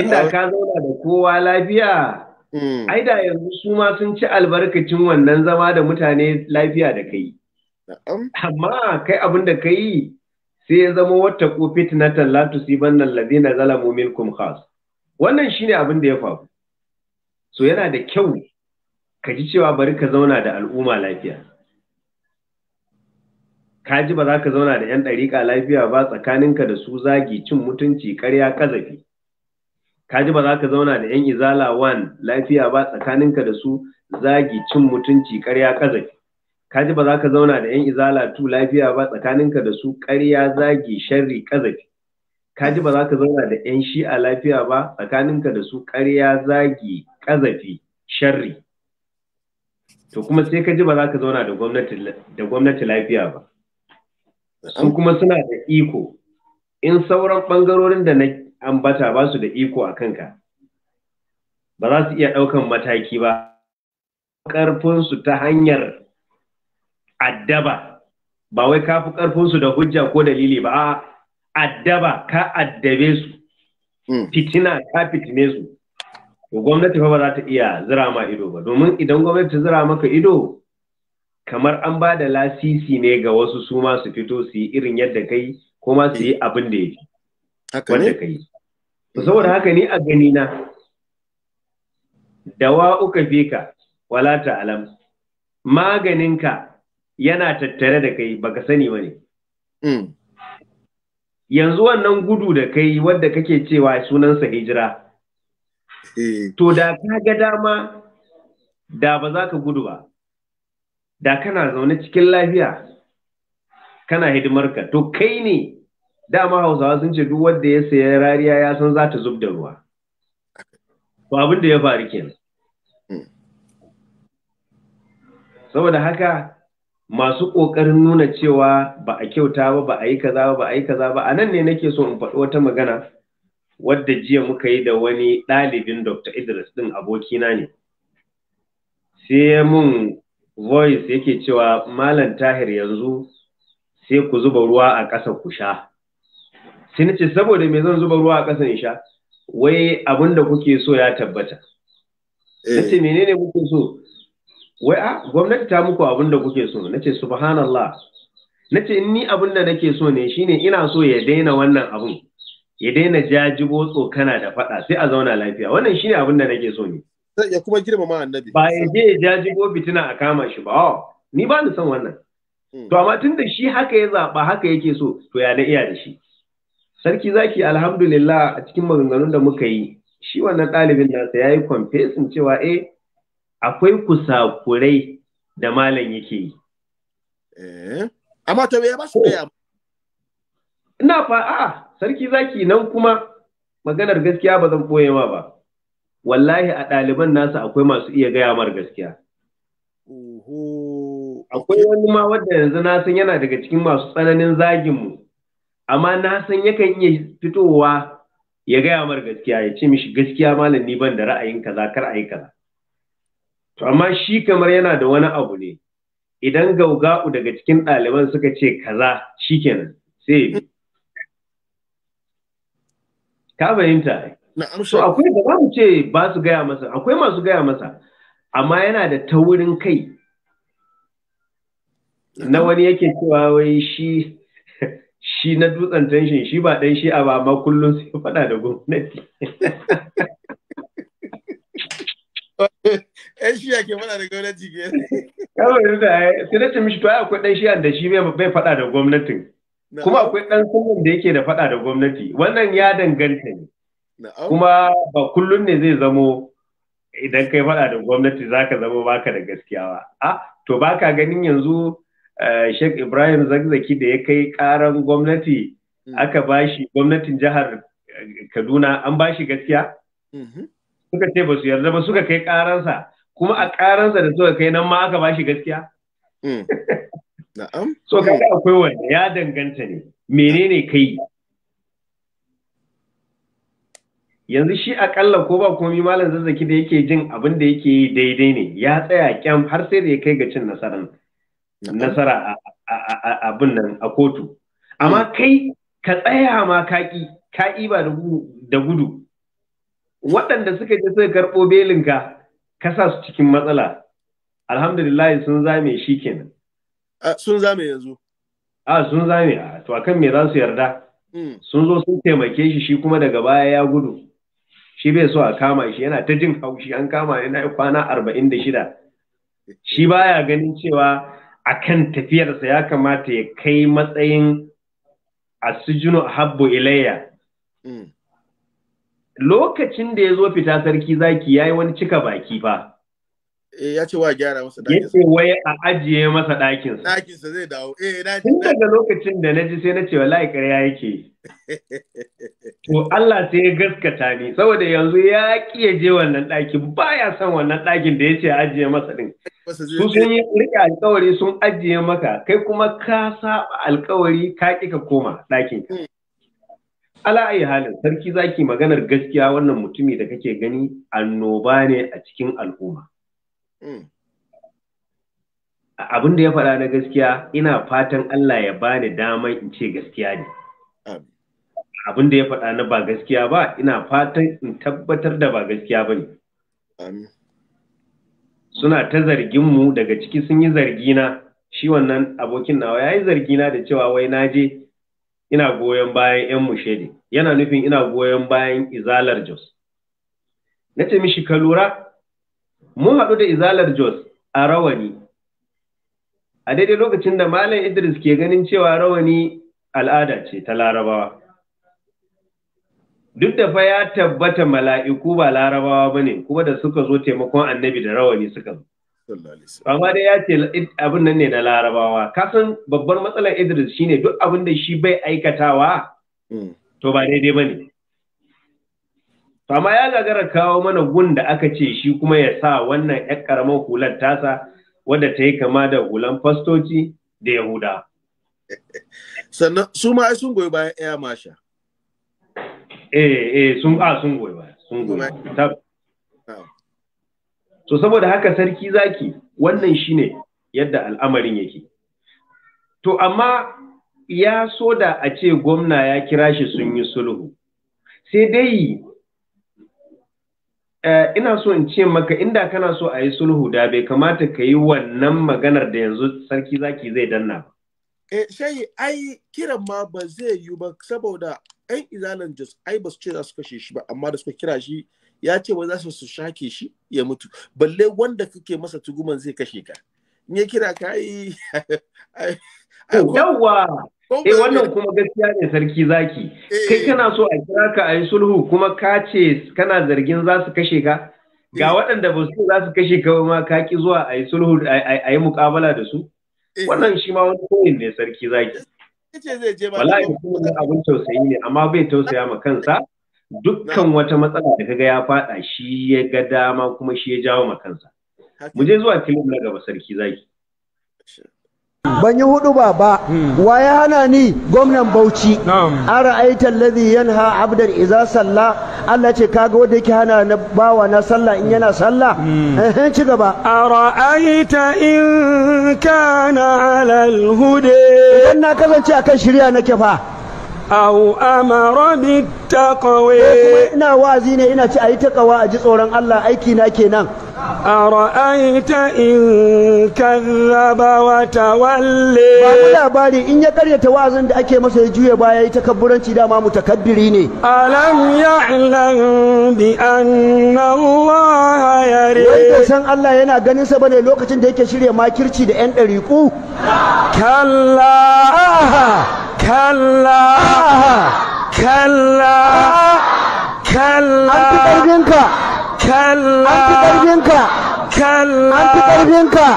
inda ka zauna da kowa lafiya Mm. ai da yanzu su ma sun ci albarkacin wannan zama da mutane lafiya da kai amma kai abin da ka yi sai ya zama wata ko na nan tusibanna alladhina zalamu milkum khas wannan shine abin da ya faru so yana da kyau ka ji cewa bari ka zauna da al'umma lafiya ka ji ba za ka zauna da 'yan ɗariƙa lafiya ba tsakaninka da su zagi cin mutunci ƙarya ƙazafi Ka ji ba za ka zauna da yan izala wan lafiya ba tsakaninka da su zagi cin mutunci ƙarya kazafi ji ba za ka zauna da yan izala tu lafiya ba tsakaninka da su ƙarya zagi sharri kazafi ji ba za ka zauna da yan shi'a lafiya ba tsakaninka da su ƙarya zagi kazafi sharri to kuma sai ka ji ba za ka zauna da gwamnati da gwamnati lafiya ba su kuma suna da iko in sauran ɓangarorin da na ambata ba su da iko a kanka ba za su iya ɗaukan mataki ba ƙarfinsu ta hanyar addaba ba wai ka fi ƙarfinsu da hujja ko dalili ba a addaba ka addabe su hmm. fitina ka fitine su to gwamnati fa ba za ta iya zira ma ido ba domin idan gwamnati ta zira maka ido kamar an ba da lasisi ne ga wasu su ma su fito su yi irin yadda kai ko ma su yi abin da ya fi wanda ka yi saboda haka ne a gani na dawa uka fi ka wala ta'alam maganinka yana tattare da kai baka sani ba ne mm. yanzu wannan gudu da kai wadda kake cewa sunansa hijira eh. to da ka ga dama da ba za ka gudu ba da kana zaune cikin lafiya kana hidimarka to kai ne dama hausawa sun ce duk wanda ya saya rariya ya san za ta zub da ruwa to abin da ya faru kenan saboda haka masu ƙoƙarin nuna cewa ba a kyauta ba ba a yi kaza ba a yi kaza ba a nan ne nake so in faɗi wata magana wadda jiya muka yi da wani ɗalibin Dr. Idris ɗin abokina ne. Sai mun voice yake cewa Malam Tahir yanzu sai ku zuba ruwa a ƙasa ku sha. sai na ce saboda me zan zuba ruwa a ƙasan sha wai abin da kuke so ya tabbata na eh. ce menene kuke so wai a ah, gwamnati ta muku abin da kuke so na ce subhanallah na ce ni abin da nake so ne shine ina so ya daina wannan abun ya daina jajibo tsokana da faɗa sai a zauna lafiya wannan shine abin da nake so ne ya kuma girmama annabi ba ya je ya jajibo fitina a kama shi ba oh, ni ba ni son wannan hmm. to amma tunda shi haka ya zaba haka yake so to ya na iya da shi sarki zaki alhamdulillah a cikin maganganun da muka yi shi wannan ɗalibin nasa ya yi confessin cewa eh akwai kusakurai da malam yake yi eh, amma to ya ba su oh. ɗaya ina fa a sarki zaki nan kuma maganar gaskiya ba zan ɓoye ma ba wallahi a ɗaliban nasa akwai masu iya gaya mar gaskiya akwai wani ma wanda yanzu na san yana daga cikin masu tsananin zagin mu amma na san yakan iya fitowa ya gaya mar gaskiya ya ce mishi gaskiya malam ni ban da ra'ayin kaza kar ayi kaza to amma shi kamar yana da wani abu ne idan gauga'u daga cikin ɗaliban suka ce kaza shikenan sai ka fahimta so akwai da mu ce ba su gaya masa akwai masu gaya masa amma yana da taurin kai na wani yake cewa wai shi shi na dutsen tension shi ba dan shi a ba amma kullum sai faɗa da gwamnati yan shiya ke fada da gwamnati ke kawai da sai na ce mishi to akwai dan shiya da shi bai faɗa da gwamnatin kuma akwai dan sallan da yake da faɗa da gwamnati wannan ya danganta ne kuma ba kullum ne zai zamo idan kai faɗa da gwamnati zaka zama baka da gaskiya ba a ah, to baka ganin yanzu Eh, Sheikh Ibrahim Zakzaki da ya kai karan gwamnati hmm. aka ba shi gwamnatin jihar eh, Kaduna an ba shi gaskiya? Hmm. Suka ce ba su yarda ba suka kai karansa kuma a karansa da suka kai nan ma aka ba shi gaskiya? Hmm. Na'am. So kaga akwai wanda ya danganta ne menene kai yanzu shi akalla ko ba komi malam zazzaki da yake jin abin da yake yi daidai ne ya tsaya kyam har sai da ya kai ga cin nasarar nasara a abin nan a kotu amma hmm. kai ka tsaya ma kaki ka iba da gudu waɗanda suka je suka karɓo belin ka sa su cikin matsala alhamdulillah sun zame shi kenan sun zame yanzu a sun zame a to akan me za su yarda hmm. sun zo sun taimake shi shi kuma daga baya ya gudu shi bai so a kama shi yana ta jin haushi an kama yana kwana arba'in da shida shi baya ganin cewa akan tafiyarsa ya kamata ya kai matsayin a habbu ilayya mm. lokacin da ya zo fita sarki zaki ya yi wani cika baki ba. Eh ya ce wa gyara masa ɗakin. Ya ce wai a ajiye masa ɗakin. Ɗakin sa zai dawo. Eh na Tun daga lokacin da na ji sai na ce wallahi ƙarya yake. To Allah sai ya gaskata ni saboda yanzu ya kiyaje ya je wannan ɗakin baya son wannan ɗakin da ya ce ajiye masa ɗin. Su sun yi riƙe alƙawari sun ajiye maka kai kuma ka saba alƙawari ka ƙi ka koma ɗakin. Hmm. ala ayi halin sarki zaki maganar gaskiya wannan mutumi da kake gani annoba ne a cikin al'umma Mm. abin da ya faɗa na gaskiya ina fatan Allah ya bani damar in ce gaskiya ne abin da ya faɗa na ba gaskiya ba ina fatan in tabbatar da ba gaskiya ba ne suna ta zargin mu daga ciki sun yi zargina shi wannan abokin nawa ya yi na da cewa wai na je ina goyon bayan 'yan mushedi yana nufin ina goyon bayan izalar jos na ce mishi ka lura mun haɗu da izalar Jos a rawani. A daidai lokacin da Malam Idris ke ganin cewa rawani al'ada ce ta larabawa. Duk da fa ya tabbata mala'iku ba larabawa ba ne kuma da suka zo taimakon annabi da rawani suka zo. Amma dai ya ce abin nan ne na larabawa. Kasan babbar matsalar Idris shine duk abin da shi bai aikatawa hmm. to ba daidai ba ne. to amma ya gagara kawo mana gun da aka ce shi kuma ya sa wannan ƴar ƙaramar hular tasa wadda ta yi kama da hulan fastoci da yahuda sannan su ma sun goyi bayan masha eh eh sun a sun goyi sun goyi ah. to saboda haka sarki zaki wannan shine yadda al'amarin yake to amma ya so da a ce gwamna ya kira shi sun yi sulhu sai dai Eh, ina so in ce maka inda kana so a yi sulhu da bai kamata ka yi wannan maganar da yanzu sarki zaki zai danna ba. Eh, shayi ai kiran ma ba zai yi ba saboda 'yan izalan jos ai ba su ce za su kashe shi ba amma da suka kira shi ya ce ba za su shake shi ya mutu balle wanda kake masa tuguman zai kashe ka in ya kira ka yi Yawwa! Eh wannan kuma gaskiya ne sarki zaki. Eh. Kai kana so a kira ka a yi sulhu kuma ka ce kana zargin za su kashe ka? Ga eh. waɗanda ba su za su kashe ka ma ka ki zuwa a yi sulhu a yi muƙabala da su? Eh. Wannan shi ma wani koyin ne sarki zaki. Wallahi kuma da abin tausayi ne amma bai tausaya ma kansa dukkan wata matsala da kaga ya faɗa shi ya ga dama kuma shi ya jawo ma kansa. Mu je zuwa filin na gaba sarki zaki. ban yi hudu ba ba hmm. wa ya hana ni gwamnan bauchi A ra'aita alladhi yanha abdan iza salla Allah ce kaga wanda yake hana na bawa na sallah in yana sallah hmm. eh, eh ci gaba ara'aita in kana ala alhuda idan na kasance akan shirya nake fa أو أمر بالتقوى إنا وازين إنا تأي تقوى أجيس أوران A أيكينا كينا أرأيت إن كذب وتولي بابو labari in ya karyata wa'azin da ake masa ya juya baya ya takabburanci mu mutakabbiri ne alam ya'lam bi anna Allah yare wai san Allah yana ganinsa ba ne lokacin da yake shirya makirci da yan dariku kalla kalla kalla kalla anti karbin ka kalla anti karbin kalla anti karbin ka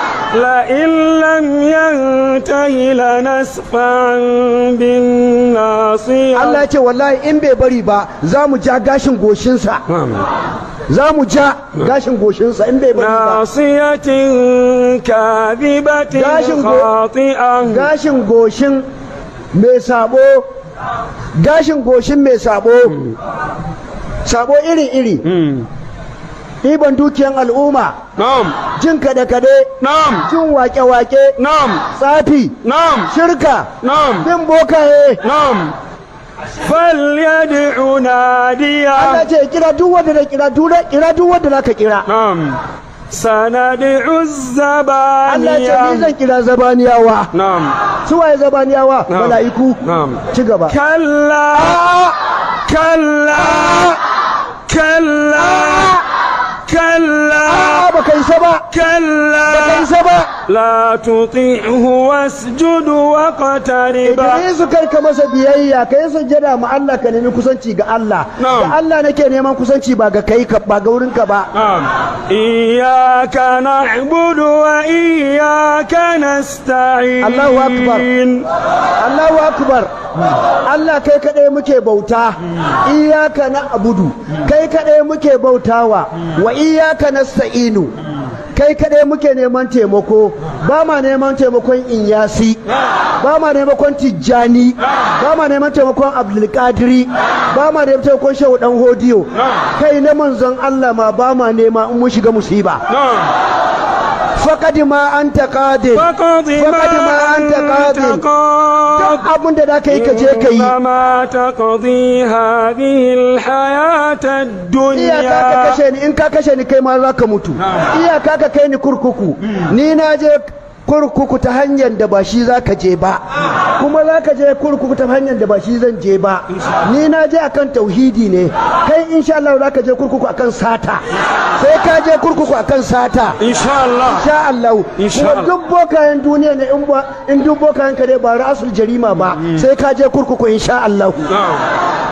la illam yantahi la nasfan Allah yake wallahi in bai bari ba zamu ja gashin goshin sa zamu ja gashin goshin sa in bai ba nasiyatin kadibatin khati'an gashin goshin mai sabo gashin goshin mai sabo hmm. sabo iri-iri hmm. ɗiban dukiyan al'umma jin kade-kade jin wake-wake tsafi shirka bin bokaye falyadu unadiya Allah ce kira duwadda da kira duk da ka kira سندع الزبانية الله يجب أن كلا وا نعم سوى زبانية نعم ملائكو نعم تقبا كلا كلا كلا آه، آه، كلا ba آه، كلا كلا لا تطيعه واسجد واقترب ka كي كما سبيايا كي سجد مع الله كان allah كسانتي غا الله غا الله نكي نيمان كسانتي باغا كي كبا غورن كبا إياك نعبد وإياك نستعين الله أكبر الله أكبر Allah kai kaɗai muke bauta, iyaka na abudu, kai kaɗai muke bautawa, wa iyaka na sa'inu, kai kaɗai muke neman taimako ba ma neman taimakon inyasi ba ma neman tijjani ba ma neman taimakon abdulkadiri ba ma neman taimakon shehu dan hodiyo kai na manzon Allah ma ba ma nema in mun shiga musiba faƙad ma an ta ƙadir faƙad ma an ta ƙadir duk abin da zaka yi je ka yi iya ka kashe ni kai ma za ka mutu iya ka kai ni kurkuku ni kurkuku ta hanyar da ba shi za ka je ba kuma za ka je kurkuku ta hanyar da ba shi zan je ba ni na je akan tauhidi ne kai insha Allah za ka je kurkuku akan sata sai ka je kurkuku akan sata insha Allah insha Allah kuma duk bokayen duniya ne in ba in duk bokayen ka ne ba rasul jarima ba hmm. sai ka je kurkuku insha Allah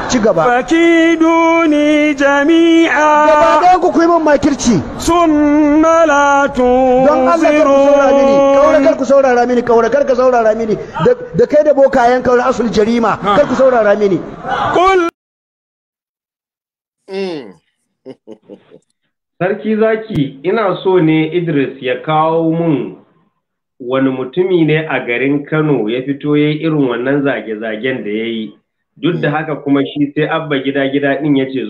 ci gaba fakiduni jami'a gaba ɗaya ku yi min makirci summa don Allah ka saurare kaura kar ku saurara mini kaura kar ka saurara mini da kai da yan kaura asul jarima kar ku saurara mini kul hmm. Sarki zaki ina so ne Idris ya kawo mun wani mutumi ne a garin Kano ya fito ya yi irin wannan zage-zagen da ya yi, duk da hmm. haka kuma shi sai abba gida-gida din ya ce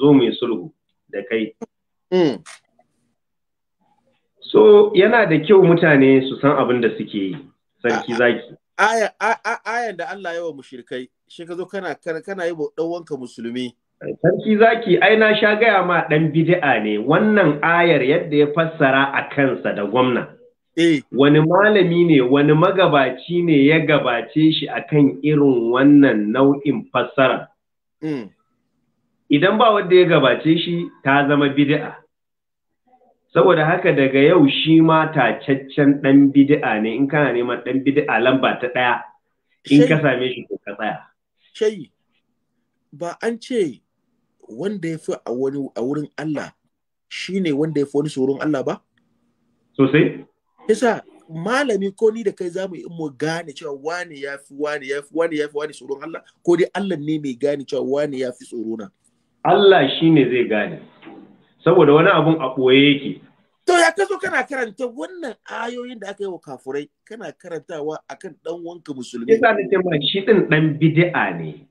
zo mai sulhu da kai. Hmm. So yana da kyau mutane su san abin da suke yi, sarki zaki. Ayan da Allah yawa mushrikai, shi ka zo kana yi ɗan musulmi. Sarki zaki ai na sha gaya ma ɗan bid'a ne wannan ayar yadda ya fassara a kansa da gwamna. Eh. Wani malami ne wani magabaci ne ya gabace shi akan irin wannan nau'in fassara. Mm. Idan ba wanda ya gabace shi ta zama bid'a. saboda haka daga yau shi ma tacaccen ɗan bid'a ne in kana neman ɗan bid'a lamba ta ɗaya in ka same shi ko ka tsaya shayi ba an ce wanda ya fi a wurin Allah shi ne wanda ya fi wani tsoron Allah ba? Sosai? Yasa malami ko ni da kai za mu yi mu gane cewa wani ya fi wani ya fi wani ya fi wani tsoron Allah ko dai Allah ne mai gane cewa wani ya fi tsoro na. Allah shi ne zai gane. saboda wani abun a ɓoye yake to ya zo kana karanta wannan ayoyin da aka yi wa kafurai kana karantawa akan dan wanka musulmi yasa da cewa shi din dan bid'a ne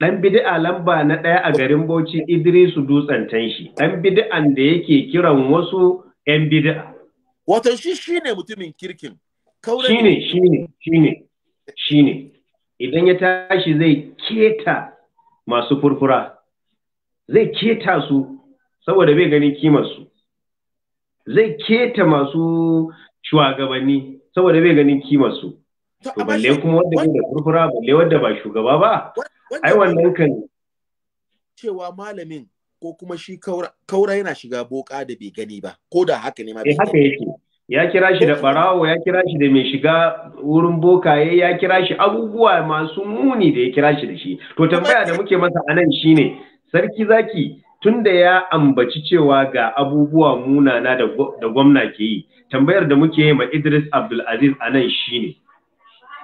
dan bid'a lamba na ɗaya a garin Bauchi Idrisu dutsen tanshi dan bid'an da yake kiran wasu yan bid'a wato shi shine mutumin kirkin shine shine shine shine idan ya tashi zai keta masu furfura zai keta su saboda bai ganin kimarsu zai keta masu shugabanni saboda bai ganin kimarsu to balle kuma wanda bai da furfura balle wanda ba shugaba ba ai wannan kan cewa malamin ko kuma shi kaura yana shiga boka da bai gani ba ko da haka ne ma bai eh, haka yake ya kira shi da barawo ya kira shi da mai shiga wurin bokaye ya kira shi abubuwa masu muni da ya kira shi da shi to tambaya da muke masa anan shine sarki zaki tunda ya ambaci cewa ga abubuwa munana da gwamna ke yi tambayar da muke ma Idris Abdulaziz a nan shine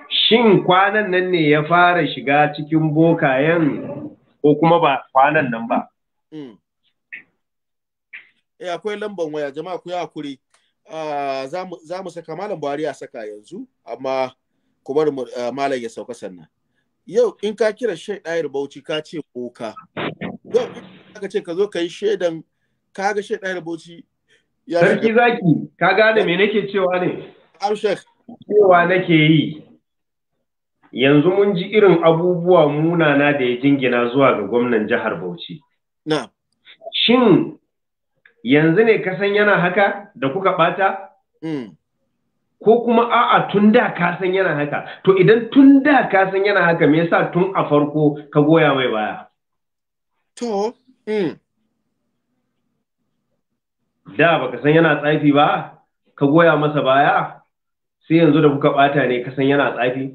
shin kwanan nan ne ya fara shiga cikin bokayen ko kuma ba kwanan nan ba hmm. eh akwai lamban waya jama'a ku ya kure. Ah, za mu saka malam Buhari a saka yanzu amma ku bar eh, malam ya sauka sannan yau in ka kira Sheikh ɗayar Bauchi ka ce boka yau ka ce ka zo ka yi shaidan ka ga shaidan da bauchi sarki zaki ka gane me nake cewa ne shek cewa nake yi yanzu mun ji irin abubuwa munana da ya jingina zuwa ga gwamnan jihar Bauchi na shin yanzu ne ka san yana haka da kuka bata mm. ko kuma a'a tun da ka san yana haka to idan tun da ka san yana haka me yasa tun a farko ka goya mai baya to Hmm. da baka san yana tsafi ba ka goya masa baya sai yanzu da kuka ɓata ne ka san yana tsafi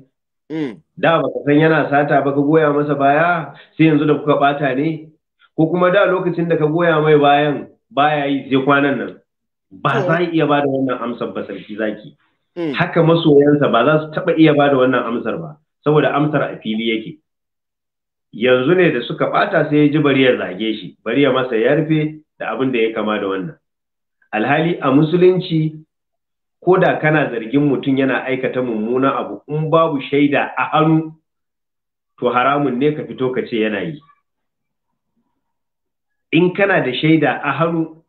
hmm. da baka san yana sata ba ka goya masa baya sai yanzu da kuka ɓata ne ko kuma da lokacin da ka goya mai bayan baya yi zai kwanan nan ba hmm. za iya ba da wannan amsar ba sarki zaki haka masoyansa ba za su taɓa iya ba da wannan amsar ba saboda amsar a fili yake yanzu ne da suka bata sai ya ji bari ya zage shi bari ya masa ya rufe da abin da ya kama da wannan alhali a musulunci ko da kana zargin mutum yana aikata mummunan abu in babu shaida a hannu to haramun ne ka fito ka ce yana yi in kana da shaida a hannu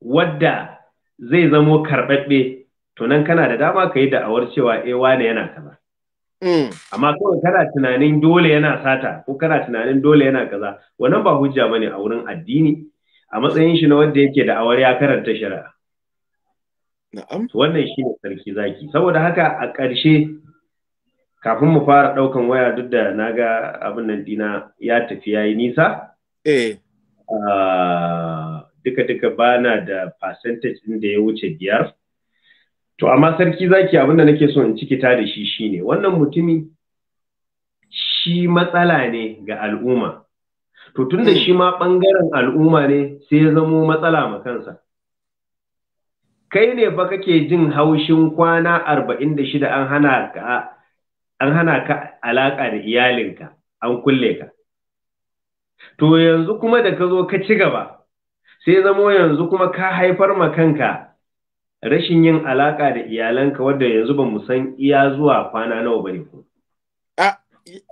wadda zai zamo karɓaɓɓe to nan kana da dama ka yi da'awar cewa eh wane yana kaza Mm. amma kawai kana tunanin dole yana sata ko kana tunanin dole yana kaza wannan ba hujja bane a wurin addini a matsayin shi na wanda yake da awar ya karanta shari'a na'am wannan shi ne sarki zaki saboda haka a ƙarshe kafin mu fara ɗaukan waya duk da na ga abin nan dina ya tafi ya yi nisa eh ah, duka duka bana da percentage ɗin da ya wuce biyar to amma sarki zaki abin da nake so in cikita da shi shine wannan mutumi shi matsala ne ga al'umma to tunda hmm. shi ma ɓangaren al'umma ne sai ya zamo matsala ma kansa kai ne fa kake jin haushin kwana arba'in da shida an hana ka an hana ka alaƙa da iyalinka an kulle ka to yanzu kuma da ka zo ka ci gaba sai zamo yanzu kuma ka haifar ma kanka rashin yin alaka da iyalanka wadda yanzu ba mu san iya zuwa kwana nawa bane ko a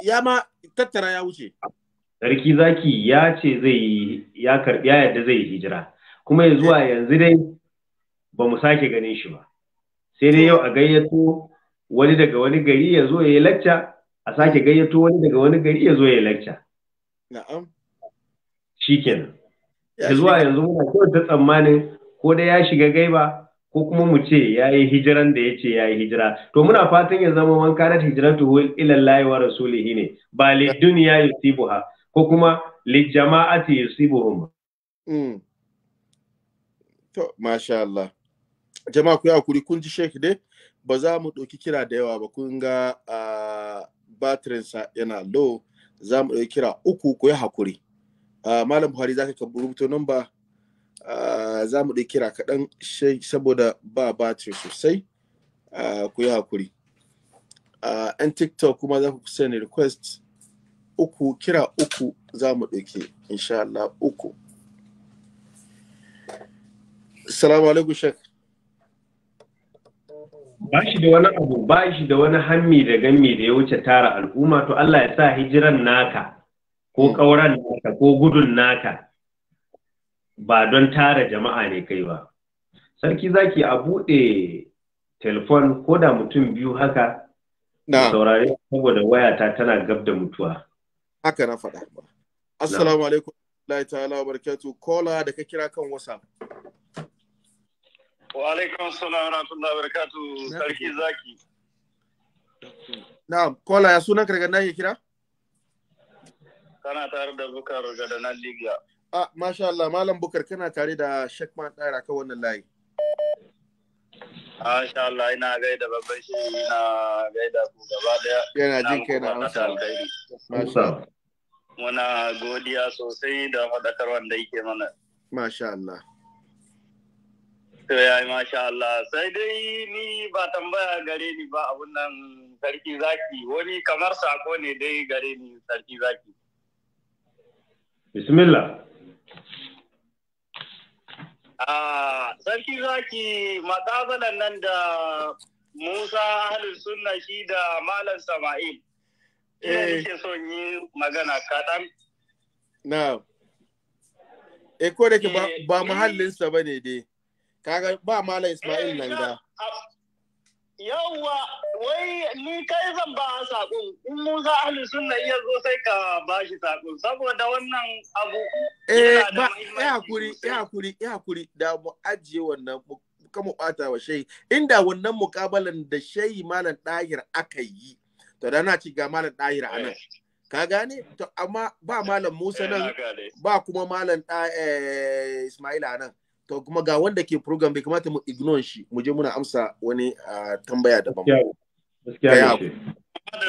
ya ma tattara ya wuce sarki zaki ya ce zai ya karbi ya yadda zai hijira kuma ya zuwa yanzu dai ba mu sake ganin shi ba sai dai yau a gayyato wani daga wani gari ya zo ya yi lacca a sake gayyato wani daga wani gari ya zo ya yi lacca na'am kenan. ya zuwa yanzu muna kyauta tsammanin ko da ya shiga gaiba ko kuma mu ce ya yi hijiran da ya ce ya yi hijira to muna fatan ya zama man kanat hijratuhu ila Allah wa rasulihi ne ba li dunya yusibuha ko kuma li jama'ati yusibuhum mm. to masha Allah jama'a ku hakuri kun ji shek dai ba za mu ɗauki kira da yawa ba kun ga uh, batirinsa yana low za mu ɗauki kira uku ku yi hakuri uh, malam Buhari zaka ka rubuta namba Ah, za mu ɗai kira kaɗan saboda ba ce sosai ah, ku yi hakuri yan ah, tiktok kuma za ku sani request uku kira uku za mu ɗauke insha Allah uku salamu alaikum shek ba shi da wani abu ba shi da wani hammi da gammi da ya wuce tara al'umma to Allah ya sa hijiran naka ko hmm. ƙauran naka ko gudun naka ba don tara jama'a ne kai ba sarki zaki a buɗe telefon ko da mutum biyu haka na saurare saboda wayata tana gab da mutuwa haka na faɗa assalamu alaikum Allah ta'ala wa barakatuh kola da ka kira kan whatsapp wa alaikum assalamu wa rahmatullahi wa barakatuh sarki zaki na kola ya sunan ka na kira kana tare da bukar da nan libya Ah, masha Allah, Malam Bukar kana tare da Sheikh Man Daira kan wannan layi. Masha Allah, ina gaida babban shi ina gaida ku gaba daya. Yana jin kai na amsa. Masha Allah. Muna godiya sosai da faɗakarwar da yake mana. Masha Allah. To ya yi masha Allah, sai dai ni ba tambaya gare ni ba abun nan sarki zaki, wani kamar sako ne dai gare ni sarki zaki. Bismillah. sarki zaki makazalan nan da Musa halin Sunna shi da Malam Sama'il. ina Ina eh. son yi magana kaɗan. Na. E eh, ko da ke ba eh, muhallinsa ba ne dai. Kaga ba Malam Ismail nan ga. yawwa wai ni kai zan ba sakon in Musa Ahlus Sunna iya zo sai ka ba shi sakon saboda wannan abu eh ba ya hakuri ya hakuri ya hakuri da mu ajiye wannan ka mu bata wa shayi inda wannan mukabalan da shayi malam dahir aka yi to da na ci ga malam dahir a nan eh. ka gane to amma ba malam Musa eh, nan ba kuma malam eh, Ismaila nan to kuma ga wanda ke program bai kamata mu ignore shi mu je muna amsa wani tambaya daban gaskiya ne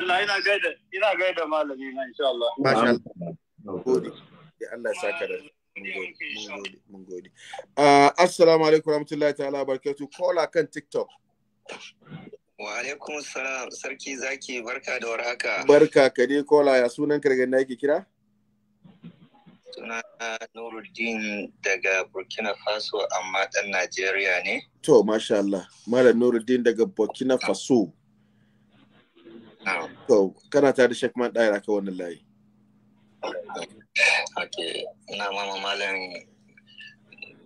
ina gaida ina gaida malami na insha Allah masha Allah gode ya Allah saka da mun gode assalamu alaikum warahmatullahi ta'ala barakatuh kola kan tiktok Wa alaikum salam sarki zaki barka da warhaka. Barka ka dai kola ya sunan ka daga yake kira? Suna Nuruddin daga Burkina Faso amma ɗan Najeriya ne. To, masha Allah, Mara Nuruddin daga Burkina Faso. To, kana tare da Sheikh Man ɗaya aka wannan layi. Ok, ina mama Malam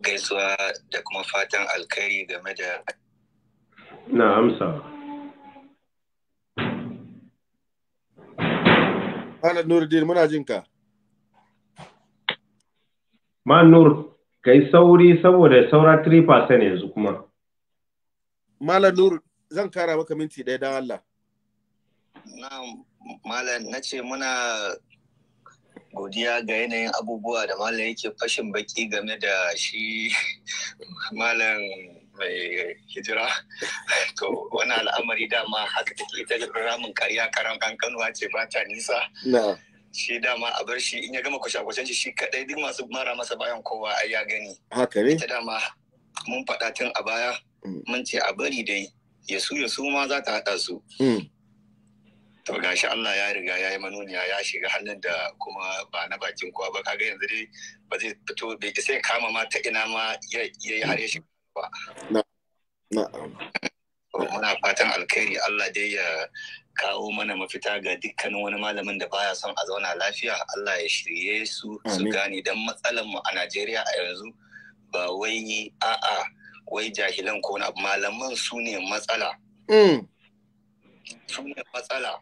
gaisuwa da kuma fatan alkhairi game da. Na amsa. Malam Nuruddin muna jinka. ka. Manur, ka yi sauri saboda saura 3% yanzu kuma. Malam Nur, zan kara maka minti ɗaya don Allah. Malam, na ce muna godiya ga yanayin abubuwa da malam yake fashin baki game da shi malam mai hijira to wani al'amari dama haka take ta ramin karya karan kankanuwa ce ba ta nisa shi dama a bar shi in ya gama kwashe-kwashen shi kadai duk masu mara masa bayan kowa ai ya gani haka ne ita dama mun faɗa tun a baya mm. mun ce a bari dai ya su ya su ma za ta haɗa su mm. to gashi Allah ya riga ya yi manuniya ya shiga hannun da kuma ba na bakin kowa ba kaga yanzu dai ba zai fito bai sai kama ma ta ina ma ya yi har ya shiga ba na'am muna fatan alkhairi Allah dai ya kawo mana mafita ga dukkanin wani malamin da baya son a zauna lafiya Allah ya shirye su su gane dan matsalar mu a Najeriya a yanzu ba wai a'a wai jahilan ko na malaman su ne matsala mm. su ne matsala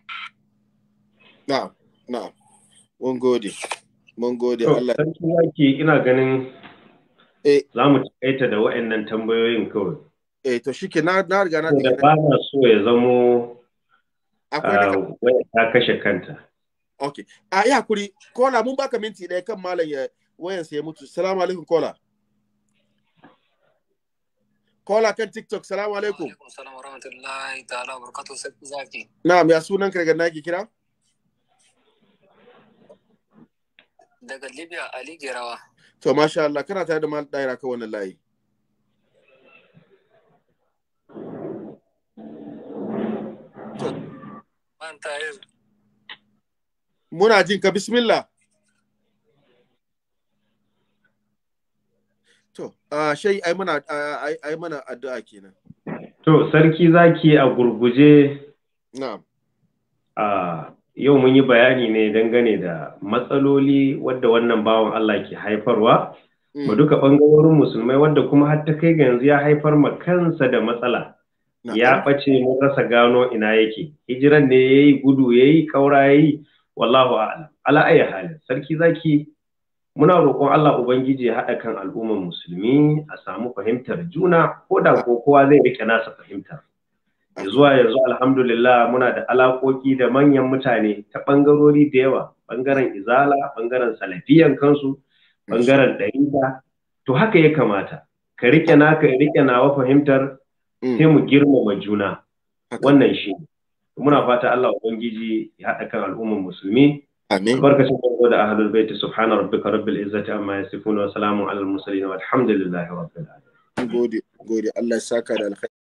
na na mun gode mun gode Allah sarki ina ganin eh. za mu taƙaita da wa'annan tambayoyin kawai eh to shike na riga na da ba na so ya zamo Ah, ta kashe kanta ok a yi hakuri kola mun baka minti ɗaya kan malam ya wayan ya mutu salamu alaikum kola kola kan tiktok salamu alaikum salamu rahmatullahi ta'ala barakatuhu sai zaki na'am ya sunan ka daga naki kira daga libya ali gerawa to masha Allah kana tare da mal daira ka wannan layi Muna jin ka bismillah. To, uh, shai ai mana uh, ai mana addu'a kenan. To, sarki zaki a gurguje. Na'am. Uh, yau mun yi bayani ne dangane da matsaloli wadda wannan bawan Allah ke haifarwa. Mm. Ma duka ɓangarorin musulmai wadda kuma har ta kai ga yanzu ya haifar ma kansa da matsala. ya ɓace mun rasa gano ina yake hijiran ne yayi gudu yayi kaura yayi wallahu a'lam ala ayi halin sarki zaki muna roƙon Allah ubangiji ya haɗa kan al'ummar musulmi a samu fahimtar juna ko da ko kowa zai rike nasa fahimtar zuwa yanzu alhamdulillah muna da alaƙoƙi da manyan mutane ta ɓangarori da yawa ɓangaren izala ɓangaren salafiyan kansu ɓangaren ɗariƙa to haka ya kamata ka rike naka ya rike nawa fahimtar Mm. sai mu girmama juna wannan shi muna fata Allah ubangiji ya haɗa kan al'ummar musulmi amin barkacin farko da ahlul bait subhana rabbika rabbil izzati amma yasifun wa salamun alal mursalin walhamdulillahi rabbil alamin gode gode Allah ya saka da alkhairi